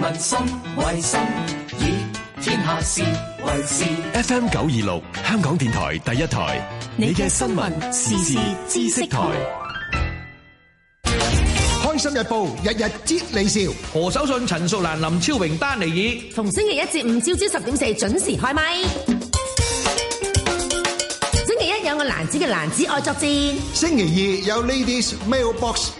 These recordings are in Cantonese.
民心為心，以天下事為事。FM 九二六，香港電台第一台，你嘅新聞時事知識台。開心日報，日日接你笑。何守信、陳淑蘭、林超榮、丹尼爾，逢星期一至五朝朝十點四準時開咪。星期一有個蘭子嘅蘭子愛作戰。星期二有 Ladies Mailbox。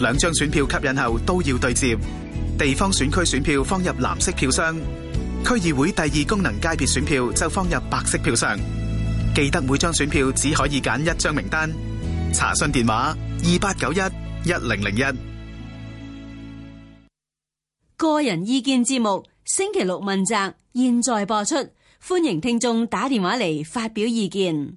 兩張選票吸引後都要對折。地方選區選票放入藍色票箱，區議會第二功能界別選票就放入白色票箱。記得每張選票只可以揀一張名單。查詢電話：二八九一一零零一。個人意見節目，星期六問責，現在播出，歡迎聽眾打電話嚟發表意見。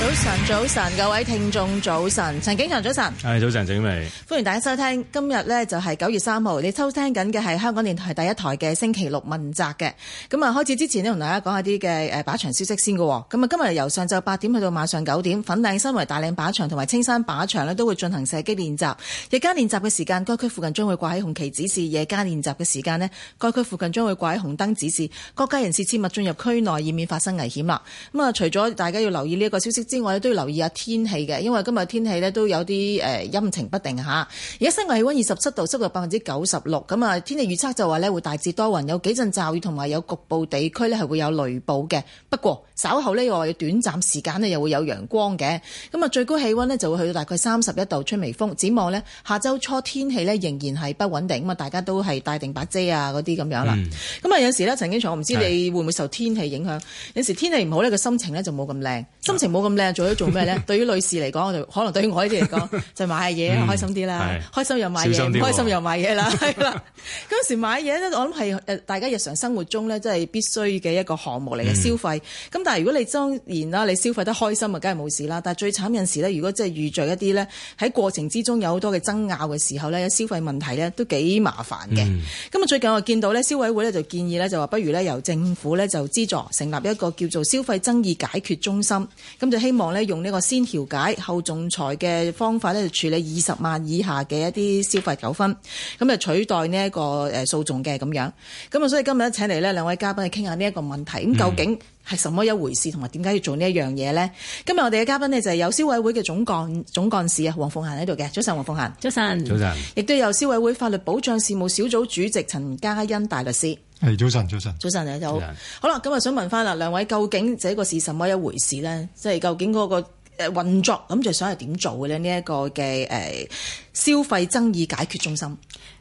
早晨，早晨，各位聽眾，早晨，陳景祥，早晨，係早晨，婉薇歡迎大家收聽。今日咧就係九月三號，你收聽緊嘅係香港電台第一台嘅星期六問責嘅。咁啊，開始之前咧同大家講下啲嘅誒靶場消息先嘅。咁啊，今日由上晝八點去到晚上九點，粉嶺新圍大嶺靶場同埋青山靶場咧都會進行射擊練習。日間練習嘅時間，該區附近將會掛起紅旗指示；夜間練習嘅時間咧，該區附近將會掛起紅燈指示。各界人士切勿進入區內，以免發生危險啦。咁啊，除咗大家要留意呢一個消息之外都要留意下天氣嘅，因為今日天氣咧都有啲誒陰晴不定吓。而家室外氣溫二十七度，濕度百分之九十六，咁啊天氣預測就話咧會大致多雲，有幾陣驟雨，同埋有局部地區咧係會有雷暴嘅。不過稍後呢又話短暫時間咧又會有陽光嘅。咁啊最高氣溫咧就會去到大概三十一度，吹微風。展望咧下週初天氣咧仍然係不穩定，咁啊大家都係帶定把遮啊嗰啲咁樣啦。咁啊、嗯、有時咧陳景祥，我唔知你會唔會受天氣影響，是的 有時天氣唔好咧個心情咧就冇咁靚心情冇咁。做咗做咩咧？ 對於女士嚟講，我就可能對於我呢啲嚟講，就買下嘢、嗯、開心啲啦，是開心又買嘢，唔開心又買嘢啦，係啦。 嗰時買嘢咧，我諗係大家日常生活中咧，即係必須嘅一個項目嚟嘅、嗯、消費。咁但係如果你當然啦，你消費得開心啊，梗係冇事啦。但係最慘嗰陣時咧，如果即係遇著一啲咧喺過程之中有好多嘅爭拗嘅時候咧，消費問題咧，都幾麻煩嘅。咁啊、嗯，最近我見到咧，消委會咧就建議咧，就話不如咧由政府咧就資助成立一個叫做消費爭議解決中心，咁就希。希望咧用呢個先調解後仲裁嘅方法咧處理二十萬以下嘅一啲消費糾紛，咁啊取代呢一個誒訴訟嘅咁樣。咁啊所以今日咧請嚟呢兩位嘉賓去傾下呢一個問題，咁究竟係什麼一回事，同埋點解要做呢一樣嘢呢？今日我哋嘅嘉賓呢就係有消委會嘅總幹總幹事啊黃鳳嫻喺度嘅，早晨黃鳳嫻，早晨，早晨，亦都有消委會法律保障事務小組主席陳家殷大律師。係早晨，早晨，早晨，你好。的好啦，咁啊，想問翻啦，兩位究竟這個是什麼一回事咧？即係究竟嗰個誒運作，諗住想係點做嘅咧？呢一個嘅誒消費爭議解決中心。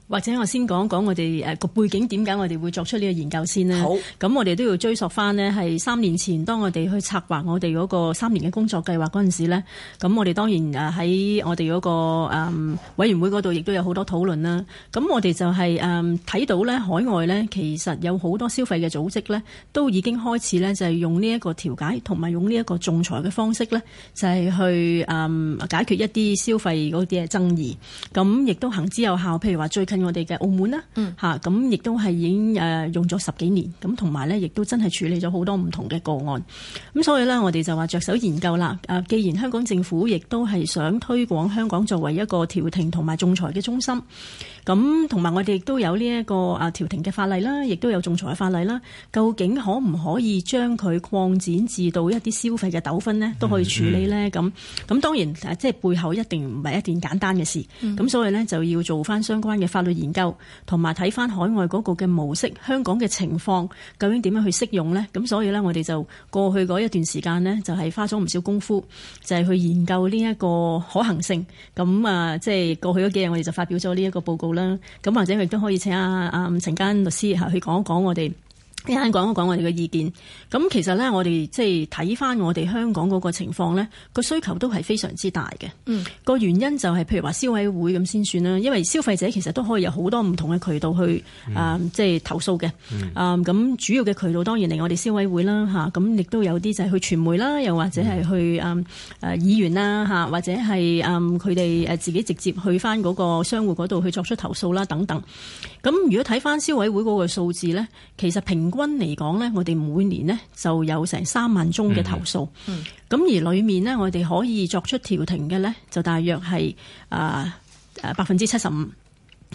或者我先講講我哋誒個背景，點解我哋會作出呢個研究先咧？好，咁我哋都要追溯翻咧，係三年前當我哋去策劃我哋嗰個三年嘅工作計劃嗰陣時咧，咁我哋當然誒喺我哋嗰個誒委員會嗰度亦都有好多討論啦。咁我哋就係誒睇到咧海外咧，其實有好多消費嘅組織咧，都已經開始咧就係用呢一個調解同埋用呢一個仲裁嘅方式咧，就係去誒解決一啲消費嗰啲嘅爭議，咁亦都行之有效，譬如話最近。我哋嘅澳門啦，吓，咁亦都係已經誒用咗十幾年，咁同埋呢，亦都真係處理咗好多唔同嘅個案，咁所以呢，我哋就話着手研究啦。誒，既然香港政府亦都係想推廣香港作為一個調停同埋仲裁嘅中心。咁同埋我哋亦都有呢一個啊調停嘅法例啦，亦都有仲裁嘅法例啦。究竟可唔可以將佢擴展至到一啲消費嘅糾紛咧，都可以處理咧？咁咁、嗯嗯、當然啊，即係背後一定唔係一件簡單嘅事。咁、嗯、所以咧就要做翻相關嘅法律研究，同埋睇翻海外嗰個嘅模式，香港嘅情況究竟點樣去適用咧？咁所以咧我哋就過去嗰一段時間咧，就係花咗唔少功夫，就係去研究呢一個可行性。咁啊，即係過去嗰幾日我哋就發表咗呢一個報告。咁或者亦都可以請阿阿陳家殷律師吓去講一講我哋。啱啱講一講我哋嘅意見，咁其實咧，我哋即係睇翻我哋香港嗰個情況咧，個需求都係非常之大嘅。嗯，個原因就係譬如話消委會咁先算啦，因為消費者其實都可以有好多唔同嘅渠道去、嗯、啊，即、就、係、是、投訴嘅。嗯，咁、啊、主要嘅渠道當然嚟我哋消委會啦，咁亦都有啲就係去傳媒啦，又或者係去啊誒議員啦、啊，或者係啊佢哋自己直接去翻嗰個商戶嗰度去作出投訴啦，等等。咁、啊、如果睇翻消委會嗰個數字咧，其實平，平均嚟講咧，我哋每年咧就有成三萬宗嘅投訴，嗯，咁而裏面咧，我哋可以作出調停嘅咧，就大約係啊誒百分之七十五。呃呃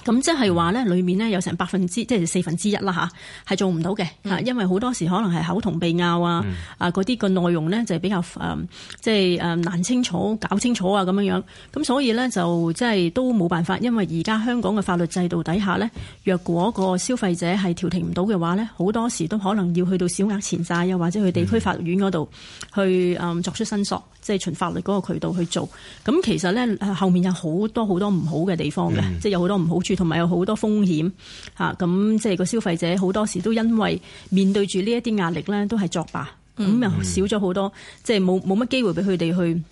咁即係話咧，裏面咧有成百分之即係四分之一啦嚇，係做唔到嘅、嗯、因為好多時可能係口同鼻拗、嗯、啊啊嗰啲個內容咧就係比較、嗯、即係誒難清楚搞清楚啊咁樣樣，咁所以咧就即係都冇辦法，因為而家香港嘅法律制度底下咧，若果個消費者係調停唔到嘅話咧，好多時都可能要去到小額錢債又或者去地區法院嗰度去、嗯、作出申索，即係循法律嗰個渠道去做。咁其實咧後面有很多很多好多好多唔好嘅地方嘅，嗯、即係有多好多唔好。住同埋有好多風險吓，咁即係個消費者好多時都因為面對住呢一啲壓力咧，都係作罷。咁又少咗好多，即係冇冇乜機會俾佢哋去。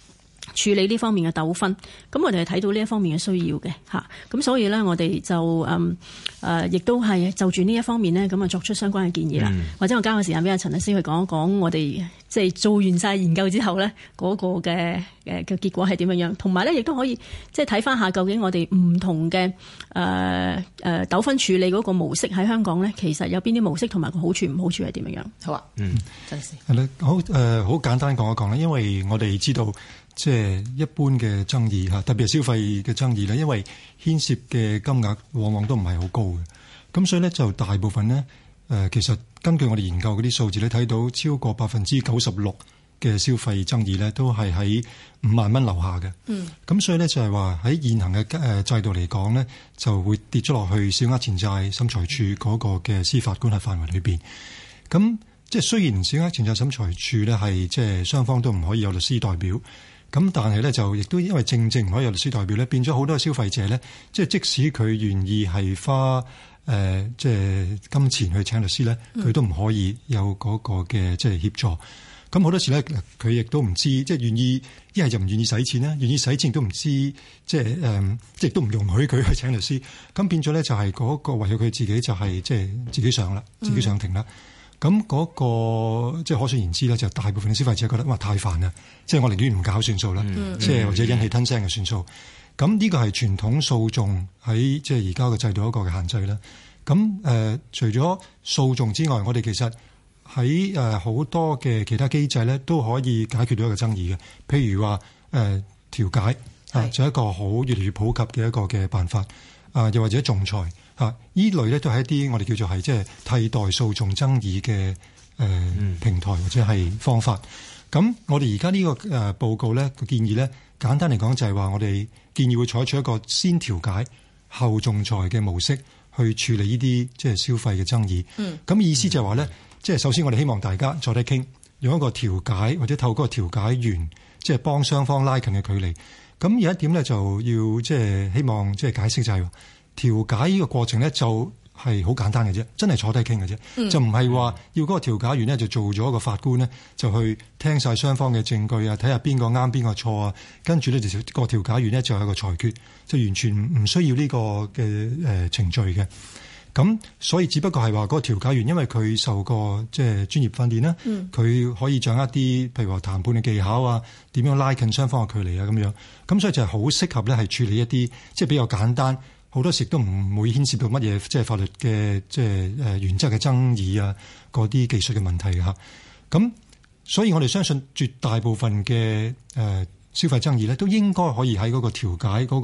處理呢方面嘅糾紛，咁我哋係睇到呢一方面嘅需要嘅嚇，咁所以呢，我哋就誒誒，亦、嗯呃、都係就住呢一方面呢，咁啊，作出相關嘅建議啦。嗯、或者我交個時間俾阿陳律師去講一講我們，我哋即係做完晒研究之後、那個呃、呢，嗰個嘅誒嘅結果係點樣樣，同埋呢亦都可以即係睇翻下究竟我哋唔同嘅誒誒糾紛處理嗰個模式喺香港呢，其實有邊啲模式同埋個好處唔好處係點樣樣，好啊？嗯，真係是係好誒，好、呃、簡單講一講啦，因為我哋知道。即係一般嘅爭議嚇，特別係消費嘅爭議咧，因為牽涉嘅金額往往都唔係好高嘅，咁所以咧就大部分呢，誒其實根據我哋研究嗰啲數字咧，睇到超過百分之九十六嘅消費爭議呢，都係喺五萬蚊樓下嘅。嗯，咁所以呢，就係話喺現行嘅誒制度嚟講呢，就會跌咗落去小額錢債審裁處嗰個嘅司法管轄範圍裏邊。咁即係雖然小額錢債審裁處呢，係即係雙方都唔可以有律師代表。咁但係咧就亦都因為正正唔可以有律師代表咧，變咗好多消費者咧，即係即使佢願意係花誒即係金錢去請律師咧，佢都唔可以有嗰個嘅即係協助。咁好多時咧，佢亦都唔知，即係願意一係就唔願意使錢啦，願意使錢都唔知，即係誒，即係都唔容許佢去請律師。咁變咗咧就係嗰個為咗佢自己就係即係自己上啦，自己上庭啦。咁嗰、那個即係可想而知咧，就大部分嘅消費者覺得哇太煩啦！即係我寧願唔搞算數啦，即係、mm hmm. 或者忍氣吞聲嘅算數。咁呢個係傳統訴訟喺即係而家嘅制度一個嘅限制啦。咁誒、呃，除咗訴訟之外，我哋其實喺誒好多嘅其他機制咧，都可以解決到一個爭議嘅。譬如話誒、呃、調解啊，做、就係、一個好越嚟越普及嘅一個嘅辦法啊，又或者仲裁。呢類咧都係一啲我哋叫做係即係替代訴訟爭議嘅誒平台或者係方法。咁、嗯、我哋而家呢個誒報告咧，個建議咧，簡單嚟講就係話我哋建議會採取一個先調解後仲裁嘅模式去處理呢啲即係消費嘅爭議。咁、嗯、意思就係話咧，即係、嗯、首先我哋希望大家坐低傾，用一個調解或者透過調解員，即、就、係、是、幫雙方拉近嘅距離。咁有一點咧就要即係希望即係解釋就係、是。調解呢個過程咧就係好簡單嘅啫，真係坐低傾嘅啫，嗯、就唔係話要嗰個調解員呢，就做咗一個法官呢，就去聽晒雙方嘅證據啊，睇下邊個啱邊個錯啊，跟住呢就個調解員呢，就係個裁決，就完全唔需要呢個嘅誒程序嘅。咁所以只不過係話嗰個調解員，因為佢受過即係、就是、專業訓練啦，佢、嗯、可以掌握啲譬如話談判嘅技巧啊，點樣拉近雙方嘅距離啊咁樣。咁所以就係好適合咧，係處理一啲即係比較簡單。好多時都唔會牽涉到乜嘢，即係法律嘅即係原則嘅爭議啊，嗰啲技術嘅問題啊。咁所以我哋相信絕大部分嘅消費爭議咧，都應該可以喺嗰個調解嗰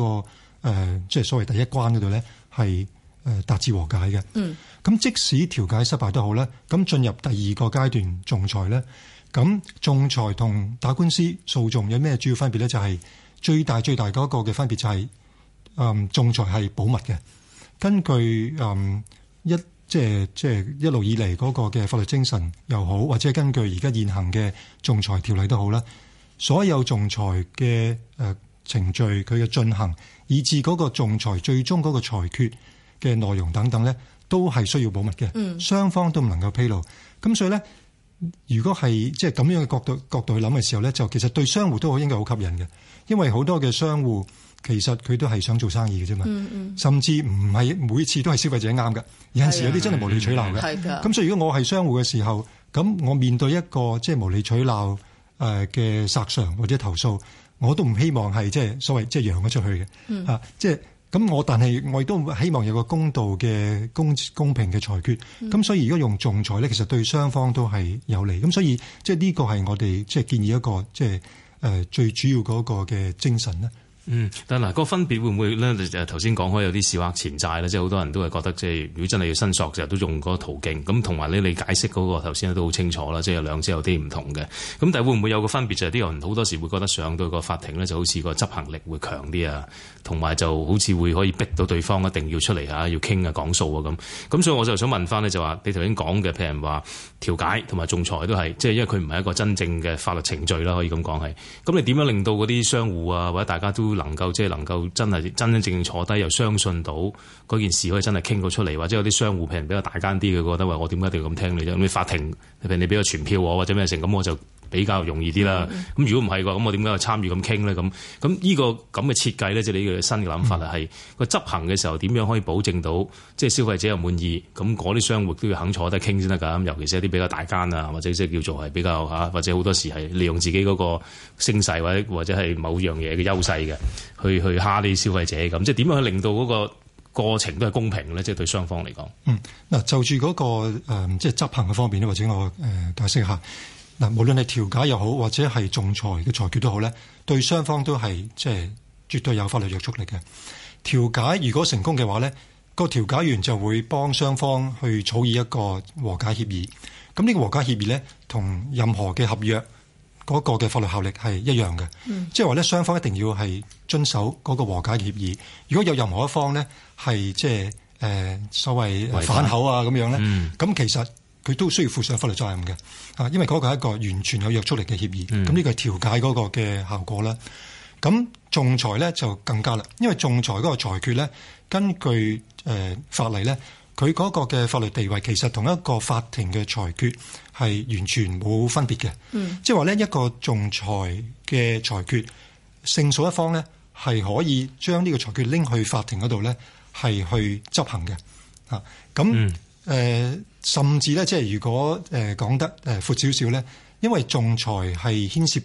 個誒，即係所謂第一關嗰度咧，係誒達至和解嘅。嗯。咁即使調解失敗都好啦，咁進入第二個階段仲裁咧，咁仲裁同打官司訴訟有咩主要分別咧？就係最大最大嗰個嘅分別就係。嗯，仲裁係保密嘅。根據嗯一即係即係一路以嚟嗰個嘅法律精神又好，或者係根據而家現行嘅仲裁條例都好啦。所有仲裁嘅誒、呃、程序，佢嘅進行，以至嗰個仲裁最終嗰個裁決嘅內容等等咧，都係需要保密嘅。嗯，雙方都唔能夠披露。咁所以咧，如果係即係咁樣嘅角度角度去諗嘅時候咧，就其實對商戶都應該好吸引嘅，因為好多嘅商戶。其實佢都係想做生意嘅啫嘛，嗯嗯、甚至唔係每次都係消費者啱㗎，嗯、有陣時候有啲真係無理取鬧嘅。咁、嗯、所以如果我係商戶嘅時候，咁我面對一個即係無理取鬧誒嘅索償或者投訴，我都唔希望係即係所謂即係讓咗出去嘅、嗯、啊。即係咁我，但係我亦都希望有個公道嘅公公平嘅裁決。咁、嗯、所以如果用仲裁咧，其實對雙方都係有利。咁所以即係呢個係我哋即係建議一個即係誒最主要嗰個嘅精神咧。嗯，但嗱個分別會唔會咧？就頭先講開有啲小額錢債咧，即係好多人都係覺得即係如果真係要申索，就都用嗰途徑咁。同埋咧，你解釋嗰個頭先都好清楚啦，即係兩者有啲唔同嘅。咁但係會唔會有個分別？就係、是、啲人好多時會覺得上到個法庭咧，就好似個執行力會強啲啊，同埋就好似會可以逼到對方一定要出嚟嚇，要傾啊，講數啊咁。咁所以我就想問翻咧，就話你頭先講嘅譬如話話。調解同埋仲裁都係，即係因為佢唔係一個真正嘅法律程序啦，可以咁講係。咁你點樣令到嗰啲商戶啊，或者大家都能夠即係、就是、能夠真係真真正正坐低，又相信到嗰件事可以真係傾到出嚟，或者有啲商戶比人比較大間啲，佢覺得話我點解一定要咁聽你啫？咁你法庭譬你俾個傳票我或者咩成咁我就。比較容易啲啦。咁、嗯、如果唔係嘅話，咁我點解要參與咁傾咧？咁咁呢個咁嘅設計咧，即、就、係、是、你個新嘅諗法係個、嗯、執行嘅時候點樣可以保證到即係消費者又滿意？咁嗰啲商戶都要肯坐得傾先得㗎。咁尤其是一啲比較大間啊，或者即係叫做係比較嚇，或者好多時係利用自己嗰個聲勢或者或者係某樣嘢嘅優勢嘅，去去蝦啲消費者咁。即係點樣去令到嗰個過程都係公平咧？即、就、係、是、對雙方嚟講。嗯，嗱就住嗰、那個即係、呃、執行嘅方面咧，或者我誒、呃、解釋下。嗱，無論係調解又好，或者係仲裁嘅裁決都好咧，對雙方都係即係絕對有法律約束力嘅。調解如果成功嘅話咧，個調解員就會幫雙方去草擬一個和解協議。咁呢個和解協議咧，同任何嘅合約嗰個嘅法律效力係一樣嘅。嗯、即係話咧，雙方一定要係遵守嗰個和解協議。如果有任何一方咧係即係誒、呃、所謂反口啊咁樣咧，咁、嗯、其實～佢都需要負上法律責任嘅啊，因為嗰個係一個完全有約束力嘅協議。咁呢個係調解嗰個嘅效果啦。咁仲裁咧就更加啦，因為仲裁嗰個裁決咧，根據誒、呃、法例咧，佢嗰個嘅法律地位其實同一個法庭嘅裁決係完全冇分別嘅。即係話呢，一個仲裁嘅裁決勝訴一方咧，係可以將呢個裁決拎去法庭嗰度咧，係去執行嘅啊。咁誒。嗯呃甚至咧，即係如果誒講得誒闊少少咧，因為仲裁係牽涉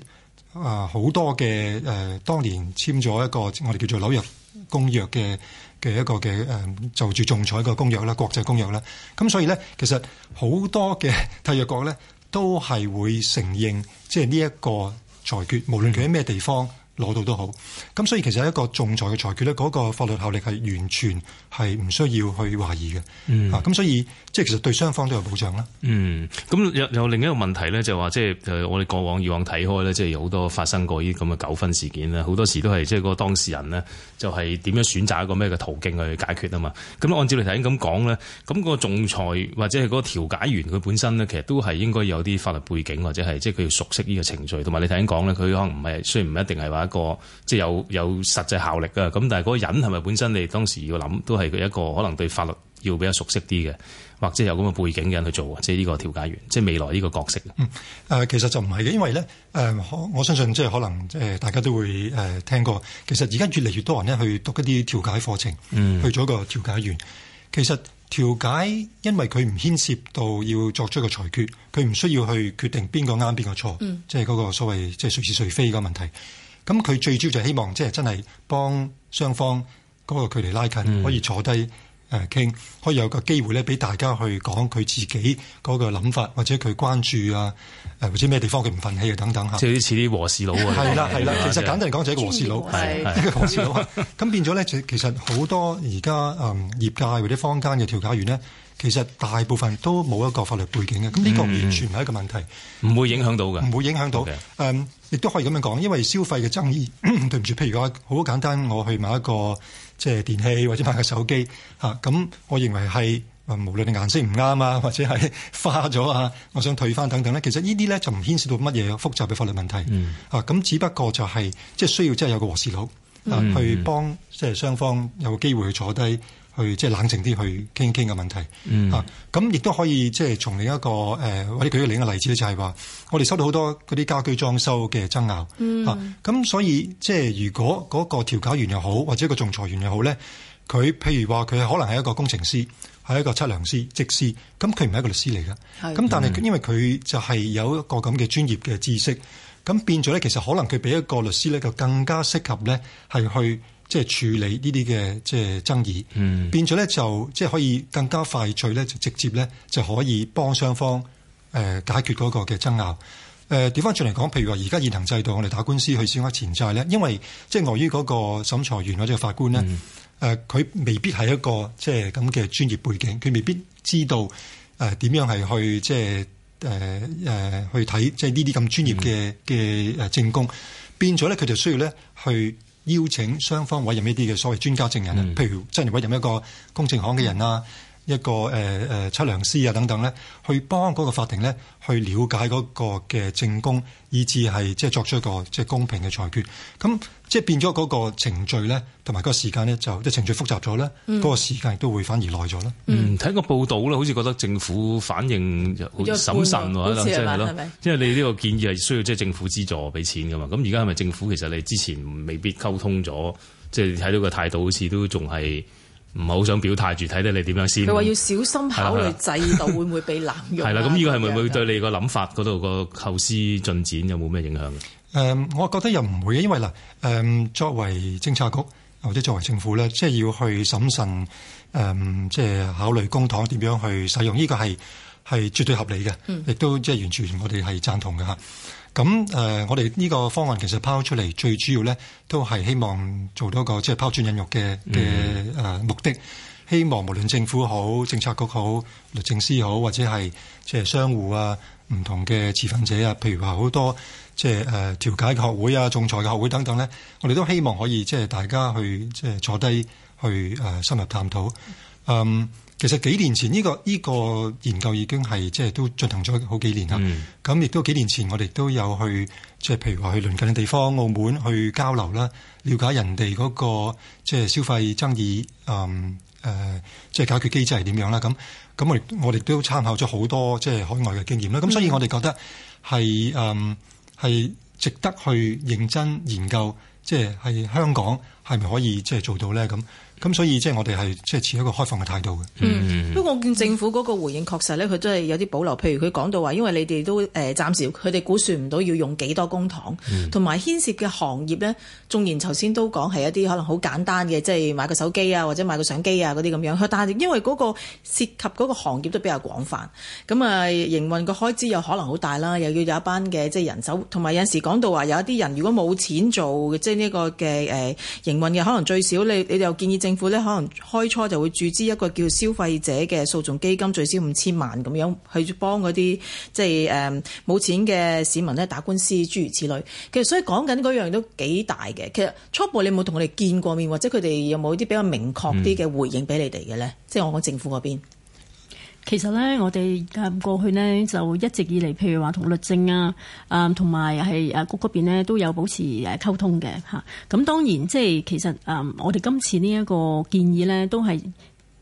啊好多嘅誒，當年簽咗一個我哋叫做紐約公約嘅嘅一個嘅誒，就住仲裁個公約啦，國際公約啦。咁所以咧，其實好多嘅締約國咧，都係會承認即係呢一個裁決，無論佢喺咩地方，攞到都好，咁所以其實一個仲裁嘅裁決咧，嗰個法律效力係完全係唔需要去懷疑嘅，嗯，咁所以即係其實對雙方都有保障啦。嗯，咁有另一個問題咧，就話即係誒我哋過往以往睇開咧，即係有好多發生過呢啲咁嘅糾紛事件啦，好多時都係即係個當事人呢，就係點樣選擇一個咩嘅途徑去解決啊嘛。咁按照你頭先咁講咧，咁個仲裁或者係嗰個調解員佢本身咧，其實都係應該有啲法律背景或者係即係佢要熟悉呢個程序，同埋你頭先講咧，佢可能唔係雖然唔一定係話。一個即係有有實際效力嘅咁，但係嗰個人係咪本身你當時要諗，都係一個可能對法律要比較熟悉啲嘅，或者有咁嘅背景嘅人去做啊？即係呢個調解員，即係未來呢個角色。誒、嗯呃，其實就唔係嘅，因為咧誒、呃，我相信即係可能即係大家都會誒、呃、聽過。其實而家越嚟越多人咧去讀一啲調解課程，嗯、去咗個調解員。其實調解因為佢唔牽涉到要作出一個裁決，佢唔需要去決定邊個啱邊個錯，嗯、即係嗰個所謂即係誰是誰非嘅問題。咁佢最主要就係希望即係真係幫雙方嗰個距離拉近，可以坐低誒傾，可以有個機會咧，俾大家去講佢自己嗰個諗法，或者佢關注啊，或者咩地方佢唔忿氣啊等等嚇。即係好似啲和事佬啊。係啦係啦，其實簡單嚟講就係一個和事佬，一個和事佬咁 變咗咧，其實好多而家誒業界或者坊間嘅調解員咧。其實大部分都冇一個法律背景嘅，咁呢個完全唔係一個問題，唔、嗯、會影響到嘅，唔會影響到。誒 Okay.、嗯，亦都可以咁樣講，因為消費嘅爭議， 對唔住，譬如講好簡單，我去買一個即係電器或者買一個手機嚇，咁、啊、我認為係無論你顏色唔啱啊，或者係花咗啊，我想退翻等等咧，其實呢啲咧就唔牽涉到乜嘢複雜嘅法律問題。嚇、嗯，咁、啊、只不過就係、是、即係需要即係有個和事佬、啊、去幫即係雙方有個機會去坐低。去即係冷靜啲去傾傾嘅問題，嗯、嚇，咁亦、啊、都可以即係從另一個誒，或、呃、者舉個另一個例子咧，就係、是、話我哋收到好多嗰啲家居裝修嘅爭拗嚇，咁、嗯啊、所以即係如果嗰個調解員又好，或者一個仲裁員又好咧，佢譬如話佢可能係一個工程師，係一個測量師、職師，咁佢唔係一個律師嚟嘅。咁、嗯、但係因為佢就係有一個咁嘅專業嘅知識，咁變咗咧，其實可能佢比一個律師咧就更加適合咧係去。即係處理呢啲嘅即係爭議，嗯、變咗咧就即係可以更加快脆咧，就直接咧就可以幫雙方誒解決嗰個嘅爭拗。誒，調翻轉嚟講，譬如話而家現行制度，我哋打官司去小額錢債咧，因為即係礙於嗰個審裁員或者法官咧，誒、嗯，佢、啊、未必係一個即係咁嘅專業背景，佢未必知道誒點樣係去即係誒誒去睇即係呢啲咁專業嘅嘅誒證供，變咗咧佢就需要咧去。邀請雙方委任呢啲嘅所謂專家證人啊，譬如真係委任一個公證行嘅人啊。一個誒誒測量師啊等等咧，去幫嗰個法庭咧去了解嗰個嘅證供，以至係即係作出一個即係公平嘅裁決。咁即係變咗嗰個程序咧，同埋嗰個時間咧，就即程序複雜咗咧，嗰、嗯、個時間亦都會反而耐咗咧。嗯，睇個報導啦，好似覺得政府反應審慎喎，即係咯，即係、就是、你呢個建議係需要即係政府資助俾錢噶嘛。咁而家係咪政府其實你之前未必溝通咗，即係睇到個態度好似都仲係。唔係好想表態住，睇睇你點樣先。佢話要小心考慮制度會唔會被濫用。係啦，咁呢 個係唔會，對你個諗法嗰度個構思進展有冇咩影響嘅、嗯？我覺得又唔會，因為嗱，誒、嗯、作為政策局或者作為政府咧，即係要去審慎，誒、嗯、即係考慮公帑點樣去使用，呢、這個係係絕對合理嘅，亦、嗯、都即係完全我哋係贊同嘅咁誒、呃，我哋呢個方案其實拋出嚟最主要呢，都係希望做到一個即係、就是、拋磚引玉嘅嘅誒目的。希望無論政府好、政策局好、律政司好，或者係即係商戶啊、唔同嘅持份者啊，譬如話好多即係誒調解嘅學會啊、仲裁嘅學會等等呢，我哋都希望可以即係、就是、大家去即係、就是、坐低去誒深入探討。嗯。其實幾年前呢、呢個呢、呢個研究已經係即係都進行咗好幾年啦。咁亦、嗯、都幾年前我哋都有去，即係譬如話去鄰近嘅地方，澳門去交流啦，了解人哋嗰、嗰個即係消費爭議，嗯呃、即係解決機制係點樣啦。咁咁我我哋都參考咗好多即係海外嘅經驗啦。咁所以我哋覺得係係、嗯、值得去認真研究，即係香港係咪可以即係做到咧？咁。咁所以即係我哋係即係持一個開放嘅態度嘅、嗯。嗯，不過我見政府嗰個回應確實咧，佢都係有啲保留。譬如佢講到話，因為你哋都誒暫時佢哋估算唔到要用幾多公帑，同埋牽涉嘅行業咧。縱然頭先都講係一啲可能好簡單嘅，即係買個手機啊，或者買個相機啊嗰啲咁樣。但係因為嗰個涉及嗰個行業都比較廣泛，咁啊營運嘅開支又可能好大啦，又要有一班嘅即係人手，同埋有陣時講到話有一啲人如果冇錢做，即係呢個嘅誒營運嘅可能最少你你哋又建議政。政府咧可能開初就會注資一個叫消費者嘅訴訟基金，最少五千萬咁樣去幫嗰啲即係誒冇錢嘅市民咧打官司諸如此類。其實所以講緊嗰樣都幾大嘅。其實初步你有冇同佢哋見過面，或者佢哋有冇啲比較明確啲嘅回應俾你哋嘅咧？即係我講政府嗰邊。其實咧，我哋過去呢就一直以嚟，譬如話同律政啊，啊同埋係啊局嗰邊呢都有保持溝通嘅吓。咁當然即係其實啊，我哋今次呢一個建議呢，都係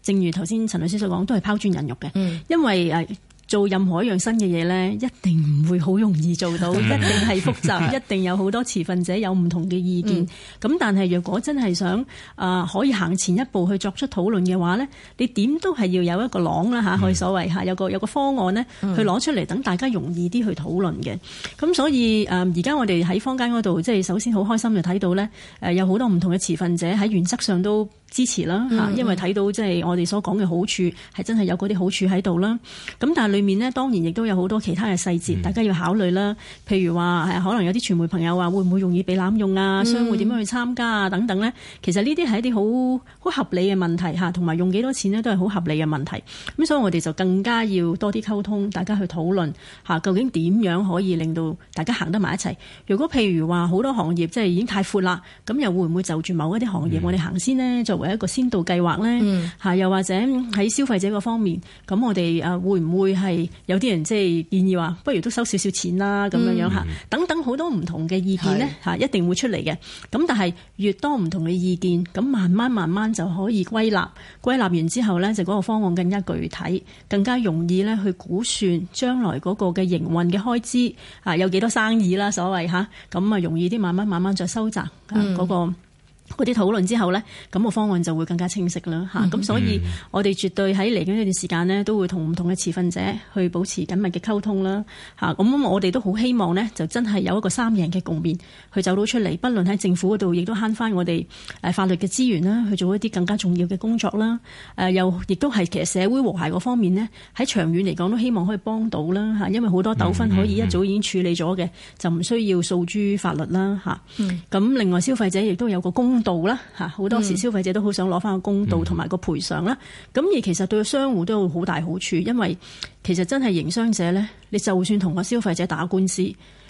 正如頭先陳律師所講，都係拋磚引玉嘅，嗯、因為做任何一樣新嘅嘢呢，一定唔會好容易做到，一定係複雜， 一定有好多持份者有唔同嘅意見，咁、嗯、但係，如果真係想啊、呃、可以行前一步去作出討論嘅話呢，你點都係要有一個朗啦吓，可以所謂吓有個有個方案呢，去攞出嚟等大家容易啲去討論嘅。咁、嗯、所以誒、而、呃、家我哋喺坊間嗰度，即係首先好開心就睇到呢，誒、呃，有好多唔同嘅持份者喺原則上都。支持啦吓，因為睇到即係我哋所講嘅好處，係真係有嗰啲好處喺度啦。咁但係裏面咧，當然亦都有好多其他嘅細節大家要考慮啦。譬如話係可能有啲傳媒朋友話會唔會容易被濫用啊？商戶點樣去參加啊？等等咧，其實呢啲係一啲好好合理嘅問題吓，同埋用幾多錢咧都係好合理嘅問題，咁所以我哋就更加要多啲溝通，大家去討論吓究竟點樣可以令到大家行得埋一齊，如果譬如話好多行業即係已經太闊啦，咁又會唔會就住某一啲行業、嗯、我哋行先咧？就為一個先導計劃咧，吓、嗯、又或者喺消費者嗰方面，咁我哋啊會唔會係有啲人即係建議話，不如都收少少錢啦，咁、嗯、樣樣吓，等等好多唔同嘅意見咧，吓是一定會出嚟嘅。咁但係越多唔同嘅意見，咁慢慢慢慢就可以歸納，歸納完之後咧，就、那、嗰個方案更加具體，更加容易咧去估算將來嗰個嘅營運嘅開支啊，有幾多生意啦，所謂吓，咁啊容易啲，慢慢慢慢再收窄、嗯嗰個。嗰啲討論之後呢，咁、那個方案就會更加清晰啦嚇。咁、嗯、哼所以我哋絕對喺嚟緊呢段時間呢，都會同唔同嘅持份者去保持緊密嘅溝通啦嚇。咁我哋都好希望呢，就真係有一個三贏嘅共面去走到出嚟，不論喺政府嗰度亦都慳翻我哋誒法律嘅資源啦，去做一啲更加重要嘅工作啦。誒又亦都係其實社會和諧嗰方面呢，喺長遠嚟講都希望可以幫到啦嚇。因為好多糾紛可以一早已經處理咗嘅，嗯、哼就唔需要訴諸法律啦嚇。咁另外消費者亦都有個公道啦，吓，好多時消費者都好想攞翻個公道同埋個賠償啦。咁、嗯嗯、而其實對個商戶都有好大好處，因為其實真係營商者呢，你就算同個消費者打官司，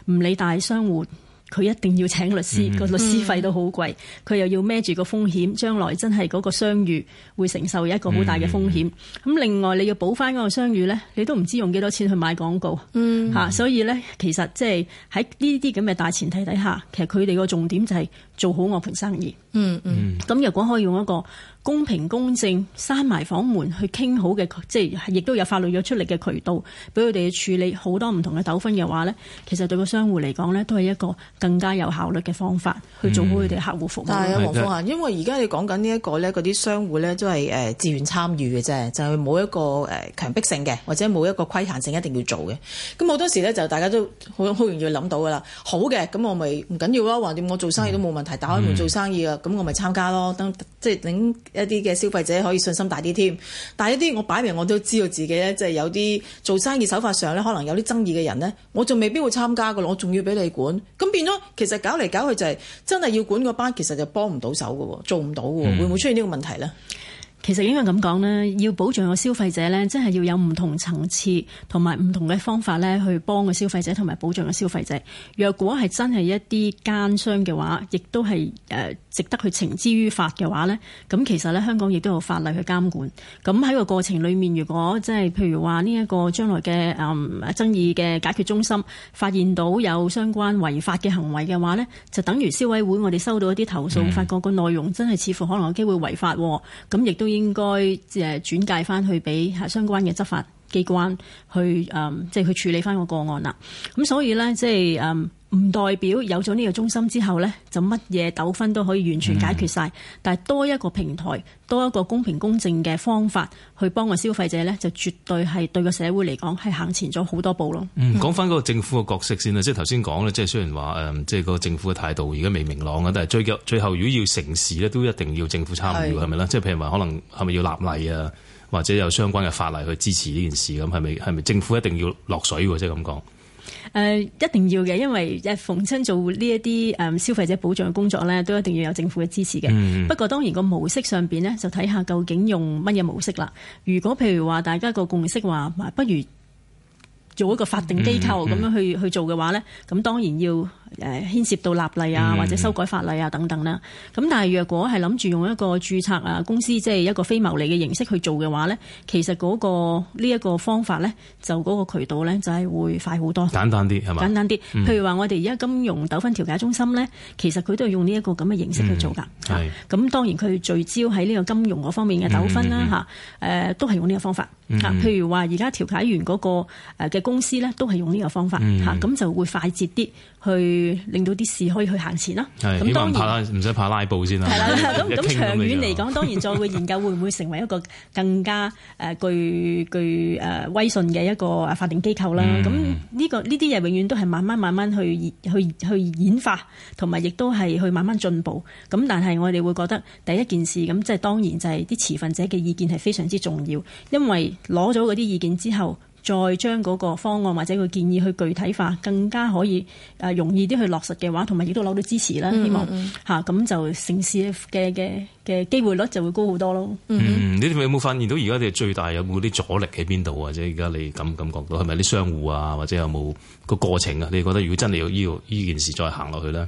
唔理大商戶，佢一定要請律師，個、嗯嗯、律師費都好貴，佢又要孭住個風險，將來真係嗰個商譽會承受一個好大嘅風險。咁、嗯嗯、另外你要補翻嗰個商譽呢，你都唔知用幾多錢去買廣告，吓、嗯啊。所以呢，其實即係喺呢啲咁嘅大前提底下，其實佢哋個重點就係、係。做好我盤生意，嗯嗯，咁、嗯、若果可以用一個公平公正、閂埋房門去傾好嘅，即係亦都有法律約出嚟嘅渠道，俾佢哋處理好多唔同嘅糾紛嘅話咧，其實對個商戶嚟講咧，都係一個更加有效率嘅方法去做好佢哋客戶服務。嗯、但係是有黃鳳嫻，對因為而家你講緊呢一個咧，嗰啲商戶咧都係誒自願參與嘅啫，就係冇一個誒強迫性嘅，或者冇一個規限性一定要做嘅。咁好多時咧就大家都好好容易諗到噶啦，好嘅，咁我咪唔緊要啦，橫掂我做生意都冇問題。係打開門做生意啊，咁我咪參加咯，等即係等一啲嘅消費者可以信心大啲添。但係一啲我擺明我都知道自己咧，即係有啲做生意手法上咧，可能有啲爭議嘅人咧，我就未必會參加噶，我仲要俾你管，咁變咗其實搞嚟搞去就係真係要管嗰班，其實就幫唔到手噶，做唔到喎。會唔會出現呢個問題咧？其實應該咁講呢，要保障個消費者呢，真係要有唔同層次同埋唔同嘅方法呢，去幫個消費者同埋保障個消費者。若果係真係一啲奸商嘅話，亦都係值得去懲之於法嘅話呢，咁其實呢，香港亦都有法例去監管。咁喺個過程裏面，如果即係譬如話呢一個將來嘅誒、呃、爭議嘅解決中心發現到有相關違法嘅行為嘅話呢，就等於消委會我哋收到一啲投訴，發覺個內容真係似乎可能有機會違法，咁亦都。應該即係轉介翻去俾相關嘅執法機關去誒，即係去處理翻個個案啦。咁所以咧，即係誒。嗯唔代表有咗呢個中心之後呢，就乜嘢糾紛都可以完全解決晒。嗯、但係多一個平台，多一個公平公正嘅方法去幫個消費者呢，就絕對係對個社會嚟講係行前咗好多步咯。嗯，講翻嗰個政府嘅角色先啦，即係頭先講呢，即係雖然話誒，即係嗰個政府嘅態度而家未明朗啊，但係最最後如果要成事呢，都一定要政府參與係咪呢？即係譬如話，可能係咪要立例啊，或者有相關嘅法例去支持呢件事咁，係咪係咪政府一定要落水喎？即係咁講。誒、呃，一定要嘅，因為誒，逢親做呢一啲誒消費者保障嘅工作咧，都一定要有政府嘅支持嘅。嗯、不過當然個模式上邊咧，就睇下究竟用乜嘢模式啦。如果譬如話大家個共識話，不如做一個法定機構咁樣去嗯嗯去做嘅話咧，咁當然要。誒牽涉到立例啊，或者修改法例啊等等啦。咁、嗯嗯、但係，若果係諗住用一個註冊啊公司，即係一個非牟利嘅形式去做嘅話呢，其實嗰、那個呢一、這個方法呢，就嗰個渠道呢，就係會快好多，簡單啲係嘛？簡單啲，嗯、譬如話我哋而家金融糾紛調解中心呢，其實佢都係用呢一個咁嘅形式去做㗎。咁、嗯啊，當然佢聚焦喺呢個金融嗰方面嘅糾紛啦。吓、嗯啊呃，都係用呢個方法、嗯、譬如話而家調解員嗰個嘅公司呢，都係用呢個方法吓，咁、嗯啊、就會快捷啲。去令到啲事可以去行前咯，咁當然唔使怕拉布先啦。咁咁、啊、長遠嚟講，當然再會研究會唔會成為一個更加誒、呃、具具誒、呃、威信嘅一個法定機構啦。咁呢、嗯個呢啲嘢永遠都係慢慢慢慢去去去，去演化，同埋亦都係去慢慢進步。咁但係我哋會覺得第一件事咁，即係當然就係啲持份者嘅意見係非常之重要，因為攞咗嗰啲意見之後。再將嗰個方案或者個建議去具體化，更加可以、呃、容易啲去落實嘅話，同埋亦都攞到支持啦。希望咁、嗯嗯啊、就成事嘅嘅嘅機會率就會高好多咯。嗯，嗯，你哋有冇發現到而家你最大有冇啲阻力喺邊度或者而家你感感覺到係咪啲商戶啊，或者有冇個過程啊？你覺得如果真係要呢件事再行落去呢，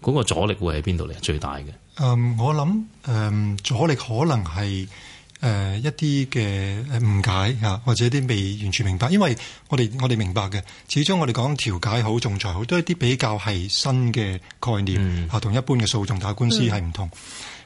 嗰、那個阻力會喺邊度嚟？最大嘅、嗯？嗯，我諗阻力可能係。誒、呃、一啲嘅誤解或者一啲未完全明白，因為我哋我哋明白嘅，始終我哋講調解好、仲裁好，都一啲比較係新嘅概念，同、嗯啊、一般嘅訴訟打官司係唔同。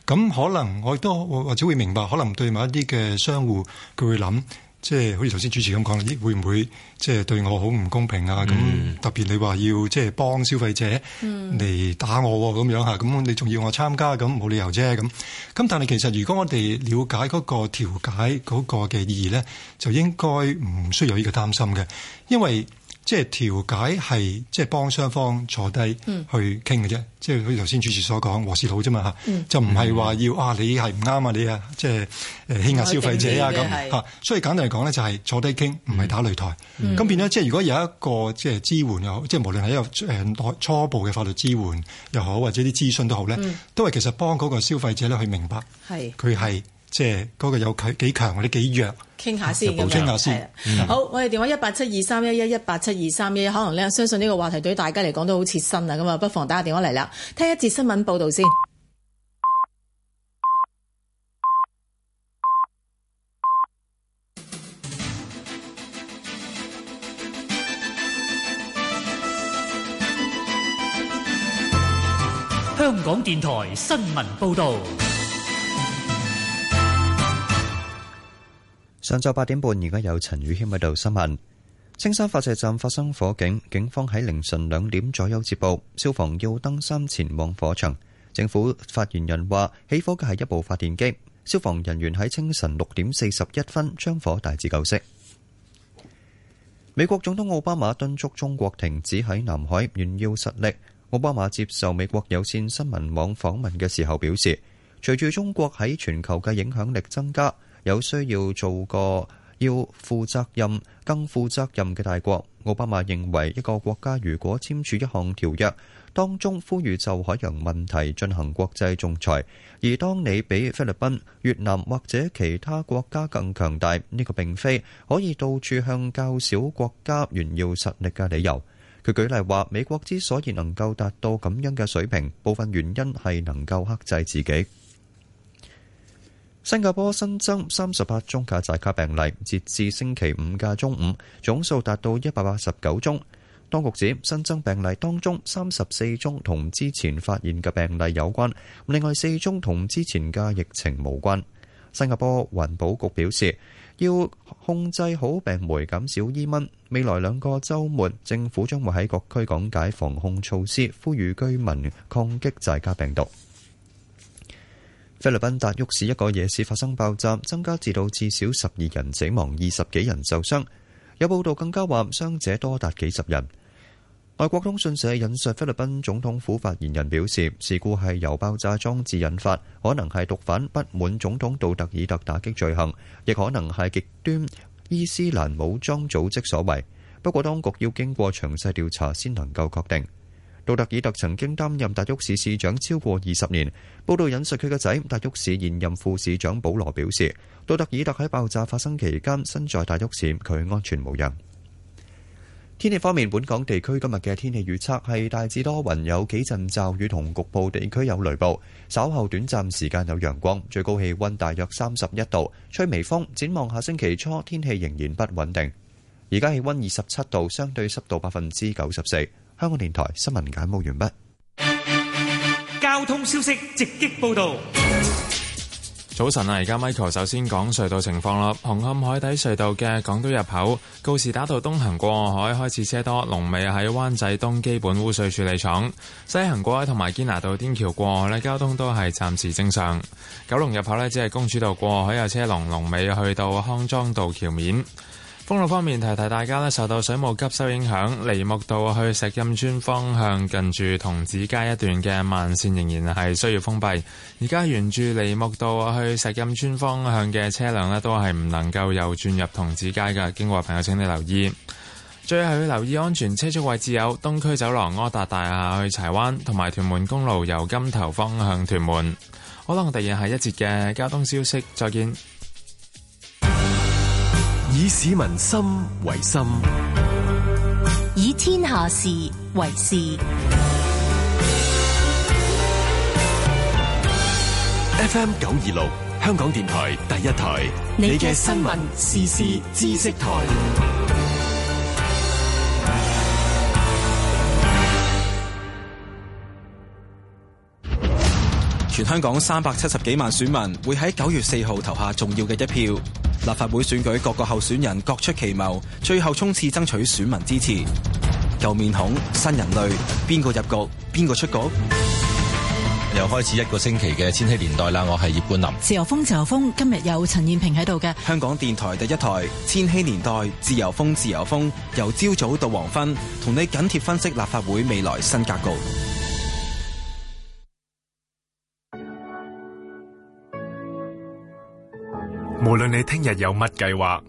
咁、嗯、可能我亦都或者會明白，可能對某一啲嘅商戶佢會諗。即係好似頭先主持咁講啦，會唔會即係對我好唔公平啊？咁、嗯、特別你話要即係幫消費者嚟打我喎，咁、嗯、樣嚇，咁你仲要我參加，咁冇理由啫。咁咁但係其實如果我哋了解嗰個調解嗰個嘅意義咧，就應該唔需要有呢個擔心嘅，因為。即係調解係，即係幫雙方坐低去傾嘅啫。嗯、即係佢頭先主持所講和事佬啫嘛嚇，就唔係話要啊你係唔啱啊你啊，即係誒欺壓消費者啊咁嚇。所以簡單嚟講咧，就係、是、坐低傾，唔係打擂台。咁、嗯嗯、變咗即係如果有一個即係支援又好，即係無論係有誒初步嘅法律支援又好，或者啲諮詢好、嗯、都好咧，都係其實幫嗰個消費者咧去明白佢係。是即係嗰個有佢幾強或者幾弱，傾下先咁、嗯、好，我哋電話一八七二三一一一八七二三一一，可能咧相信呢個話題對大家嚟講都好切身啊。咁啊，不妨打個電話嚟啦。聽一節新聞報導先。香港電台新聞報導。上晝八點半，而家有陳宇謙喺度新聞。青山發射站發生火警，警方喺凌晨兩點左右接報，消防要登山前往火場。政府發言人話，起火嘅係一部發電機，消防人員喺清晨六點四十一分將火大致救熄。美國總統奧巴馬敦促中國停止喺南海炫耀實力。奧巴馬接受美國有綫新聞網訪問嘅時候表示，隨住中國喺全球嘅影響力增加。有需要做個要負責任、更負責任嘅大國。奧巴馬認為，一個國家如果簽署一項條約，當中呼籲就海洋問題進行國際仲裁，而當你比菲律賓、越南或者其他國家更強大，呢個並非可以到處向較少國家炫耀實力嘅理由。佢舉例話，美國之所以能夠達到咁樣嘅水平，部分原因係能夠克制自己。新加坡新增38宗嘅寨卡病例，截至星期五嘅中午，總數達到189宗。當局指新增病例當中34宗同之前發現嘅病例有關，另外4宗同之前嘅疫情無關。新加坡環保局表示，要控制好病媒，減少伊蚊，未來兩個周末，政府將會喺各區講解防控措施，呼籲居民抗擊寨卡病毒。菲律賓達沃市一個夜市發生爆炸，增加至到至少十二人死亡、二十幾人受傷。有報道更加話傷者多達幾十人。外國通訊社引述菲律賓總統府發言人表示，事故係由爆炸裝置引發，可能係毒販不滿總統杜特爾特打擊罪行，亦可能係極端伊斯蘭武裝組織所為。不過，當局要經過詳細調查先能夠確定。杜特爾特曾經擔任達沃市市長超過二十年。報道引述佢個仔達沃市現任副市長保羅表示，杜特爾特喺爆炸發生期間身在達沃市，佢安全無恙。天氣方面，本港地區今日嘅天氣預測係大致多雲，有幾陣驟雨同局部地區有雷暴，稍後短暫時間有陽光，最高氣温大約三十一度，吹微風。展望下星期初，天氣仍然不穩定。而家氣温二十七度，相對濕度百分之九十四。香港電台新聞簡報完畢。交通消息直擊報道。早晨啊，而家 Michael 首先講隧道情況啦。紅磡海底隧道嘅港島入口告士打道東行過海開始車多，龍尾喺灣仔東基本污水處理廠。西行過海同埋堅拿道天橋過海咧，交通都係暫時正常。九龍入口咧，只係公主道過海有車龍，龍尾去到康莊道橋面。公路方面，提提大家咧，受到水務急修影響，梨木道去石蔭村方向近住桐梓街一段嘅慢綫仍然係需要封閉。而家沿住梨木道去石蔭村方向嘅車輛呢，都係唔能夠右轉入桐梓街噶。經過朋友，請你留意。最後要留意安全車速位置有東區走廊柯達大廈去柴灣，同埋屯門公路由金頭方向屯門。好啦，我哋下一節嘅交通消息，再見。以市民心為心，以天下事為事。FM 九二六，香港電台第一台，你嘅新聞、時事、知識台。全香港三百七十幾萬選民會喺九月四號投下重要嘅一票。立法會選舉各個候選人各出奇謀，最後衝刺爭取選民支持。舊面孔、新人類，邊個入局，邊個出局？又開始一個星期嘅《千禧年代》啦！我係葉冠霖。自由風，自由風，今日有陳燕萍喺度嘅香港電台第一台千禧年代，自由風，自由風，由朝早到黃昏，同你緊貼分析立法會未來新格局。無論你聽日有乜計劃，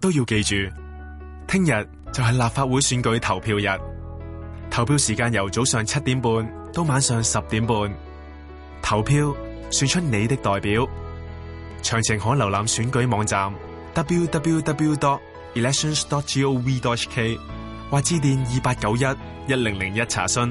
都要記住，聽日就係立法會選舉投票日。投票時間由早上七點半到晚上十點半。投票選出你的代表。詳情可瀏覽選舉網站 www.elections.gov.hk 或致電二八九一一零零一查詢。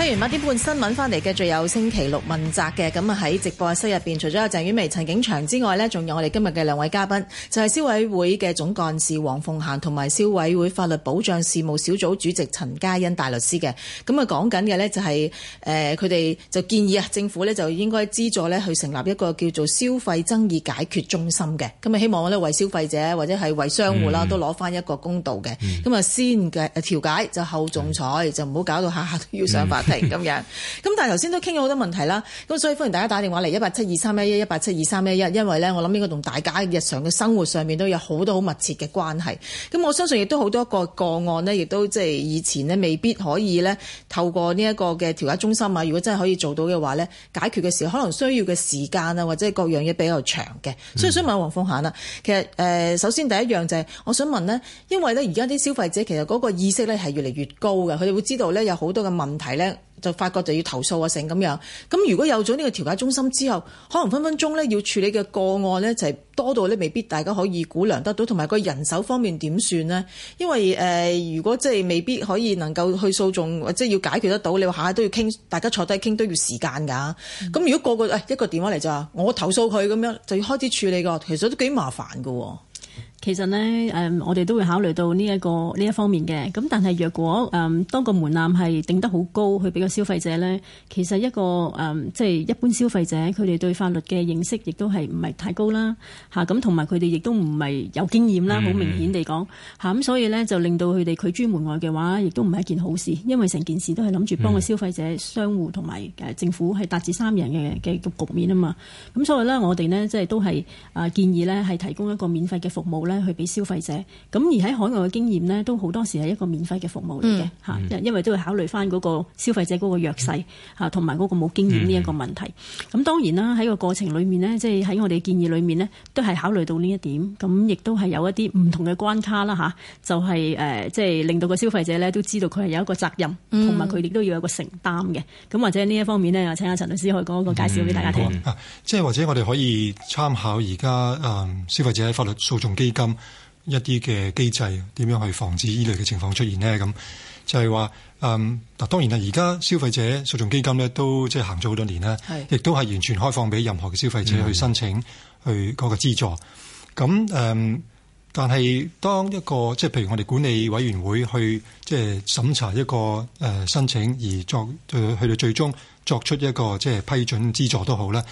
聽完八點半新聞翻嚟嘅最有星期六問責嘅，咁啊喺直播室入邊，除咗有鄭婉薇、陳景祥之外呢，仲有我哋今日嘅兩位嘉賓，就係、是、消委會嘅總幹事黃鳳嫻同埋消委會法律保障事務小組主席陳家殷大律師嘅。咁啊講緊嘅呢，就係誒，佢哋就建議啊，政府呢，就應該資助呢去成立一個叫做消費爭議解決中心嘅。咁啊希望呢為消費者或者係為商戶啦都攞翻一個公道嘅。咁啊、嗯嗯、先嘅調解後，嗯、就後仲裁，就唔好搞到下下都要上法庭。咁樣，咁 但係頭先都傾咗好多問題啦，咁所以歡迎大家打電話嚟一八七二三一一一八七二三一一，1, 1，因為呢，我諗應該同大家日常嘅生活上面都有好多好密切嘅關係。咁我相信亦都好多個個案呢，亦都即係以前呢，未必可以呢透過呢一個嘅調解中心啊。如果真係可以做到嘅話呢，解決嘅時候可能需要嘅時間啊，或者各樣嘢比較長嘅。嗯、所以想問黃鳳霞啦，其實首先第一樣就係、是、我想問呢，因為呢，而家啲消費者其實嗰個意識呢係越嚟越高嘅，佢哋會知道呢，有好多嘅問題呢。就發覺就要投訴啊，成咁樣。咁如果有咗呢個調解中心之後，可能分分鐘咧要處理嘅個案咧就係多到咧未必大家可以估量得到，同埋個人手方面點算呢？因為誒、呃，如果即係未必可以能夠去訴訟，或者要解決得到，你話下下都要傾，大家坐低傾都要時間㗎。咁、嗯、如果個個誒、哎、一個電話嚟咋，我投訴佢咁樣就要開始處理㗎，其實都幾麻煩㗎。其實呢，誒、嗯，我哋都會考慮到呢、這、一個呢一方面嘅，咁但係若果誒、嗯、當個門檻係定得好高，去俾個消費者呢，其實一個誒，即、嗯、係、就是、一般消費者，佢哋對法律嘅認識亦都係唔係太高啦，嚇咁同埋佢哋亦都唔係有經驗啦，好、嗯、明顯地講，嚇、啊、咁所以呢，就令到佢哋拒諸門外嘅話，亦都唔係一件好事，因為成件事都係諗住幫個消費者、商戶同埋政府係達至三贏嘅嘅局面啊嘛，咁、嗯、所以呢，我哋呢，即、就、係、是、都係啊建議呢，係提供一個免費嘅服務。去俾消費者，咁而喺海外嘅經驗呢，都好多時係一個免費嘅服務嚟嘅嚇，嗯、因為都會考慮翻嗰個消費者嗰個弱勢嚇，同埋嗰個冇經驗呢一個問題。咁、嗯、當然啦，喺個過程裡面呢，即係喺我哋建議裡面呢，都係考慮到呢一點。咁亦都係有一啲唔同嘅關卡啦吓、嗯，就係呃，就係誒，即係令到個消費者呢，都知道佢係有一個責任，同埋佢亦都要有一個承擔嘅。咁或者呢一方面呢，請阿陳律師去講個介紹俾大家聽。嗯嗯、即係或者我哋可以參考而家、嗯、消費者喺法律訴訟基咁一啲嘅機制點樣去防止呢類嘅情況出現呢？咁就係話，嗯，嗱，當然啦，而家消費者訴訟基金咧，都即係行咗好多年啦，亦是都係完全開放俾任何嘅消費者去申請，去嗰個資助。咁的，嗯，但係當一個即係譬如我哋管理委員會去即係審查一個誒申請，而作去到、呃、最終作出一個即係批准資助都好啦。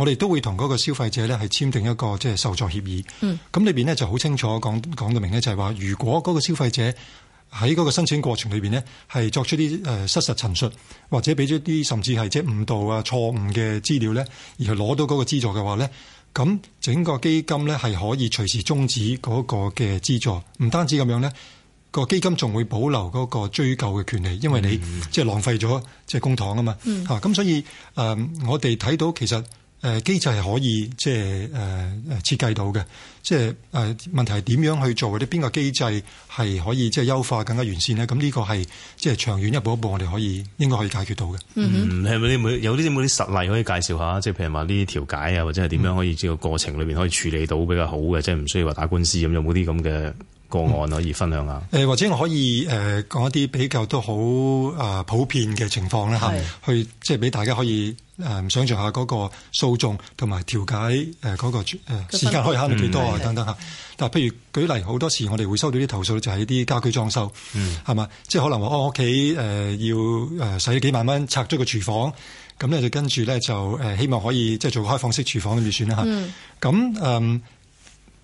我哋都會同嗰個消費者呢係簽訂一個即係受助協議。嗯。咁裏面呢就好清楚講講到明呢，就係話如果嗰個消費者喺嗰個申請過程裏面呢係作出啲誒失實陳述，或者俾咗啲甚至係即係誤導啊錯誤嘅資料呢而攞到嗰個資助嘅話呢，咁整個基金呢係可以隨時終止嗰個嘅資助。唔單止咁樣呢，個基金仲會保留嗰個追究嘅權利，因為你即係浪費咗即係公帑啊嘛。嗯。咁、吓、所以、呃、我哋睇到其實。誒機制係可以即係誒誒設計到嘅，即係誒問題係點樣去做或者邊個機制係可以即係優化更加完善咧？咁呢個係即係長遠一步一步我哋可以應該可以解決到嘅。嗯、mm，係咪啲冇有啲冇啲實例可以介紹一下？即係譬如話呢啲調解啊，或者係點樣可以即係過程裏邊可以處理到比較好嘅，即係唔需要話打官司咁，有冇啲咁嘅？個案可以分享下、嗯呃，或者我可以誒、呃、講一啲比較都好啊、呃、普遍嘅情況啦的去即係俾大家可以誒、呃、想像下嗰個訴訟同埋調解嗰個誒、呃、時間可以慳到幾多啊、嗯、等等。但譬如舉例，好多時我哋會收到啲投訴，就係啲家居裝修，係嘛、嗯，即係可能我屋企誒要誒使咗幾萬蚊拆咗個廚房，咁咧就跟住咧就、呃、希望可以即係做開放式廚房咁、嗯、樣算啦咁誒。呃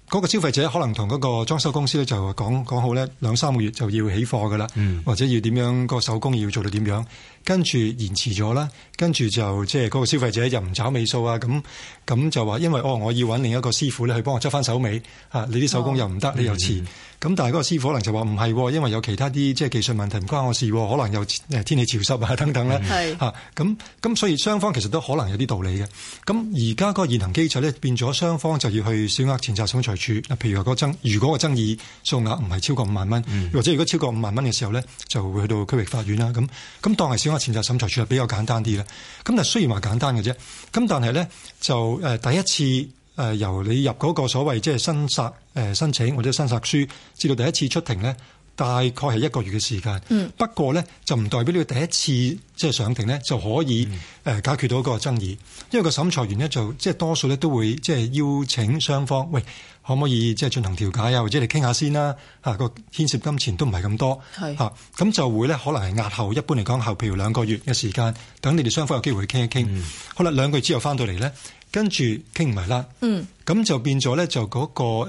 嗰個消費者可能同嗰個裝修公司咧就講講好咧，兩三個月就要起貨噶啦，嗯，或者要點樣，個手工要做到點樣。跟住延遲咗啦，跟住就即係嗰個消費者又唔找尾數啊，咁咁就話因為哦，我要揾另一個師傅咧去幫我執翻手尾啊，你啲手工又唔得，你又遲。咁、哦嗯、但係嗰個師傅可能就話唔係，因為有其他啲即係技術問題唔關我事，可能又誒天氣潮濕啊等等咧嚇。咁咁所以雙方其實都可能有啲道理嘅。咁而家個現行機制咧變咗雙方就要去小額錢債仲裁處。嗱、啊，譬如話、嗰個爭，如果個爭議數額唔係超過五萬蚊，嗯、或者如果超過五萬蚊嘅時候咧，就會去到區域法院啦。咁、啊、咁當係小額。前日審裁處比較簡單啲咧，咁但係雖然話簡單嘅啫，咁但係咧就誒第一次誒由你入嗰個所謂即係申索誒申請或者申索書，至到第一次出庭咧，大概係一個月嘅時間。嗯，不過咧就唔代表你第一次即係上庭咧就可以誒解決到嗰個爭議，因為個審裁員咧就即係多數咧都會即係邀請雙方喂。可唔可以即係進行調解呀？或者你傾下先啦，嚇個牽涉金錢都唔係咁多，咁是就會咧可能係押後。一般嚟講，後譬如兩個月嘅時間，等你哋雙方有機會去傾一傾。嗯、好啦，兩個月之後翻到嚟咧，跟住傾唔埋啦。嗯，咁就變咗咧，就嗰個誒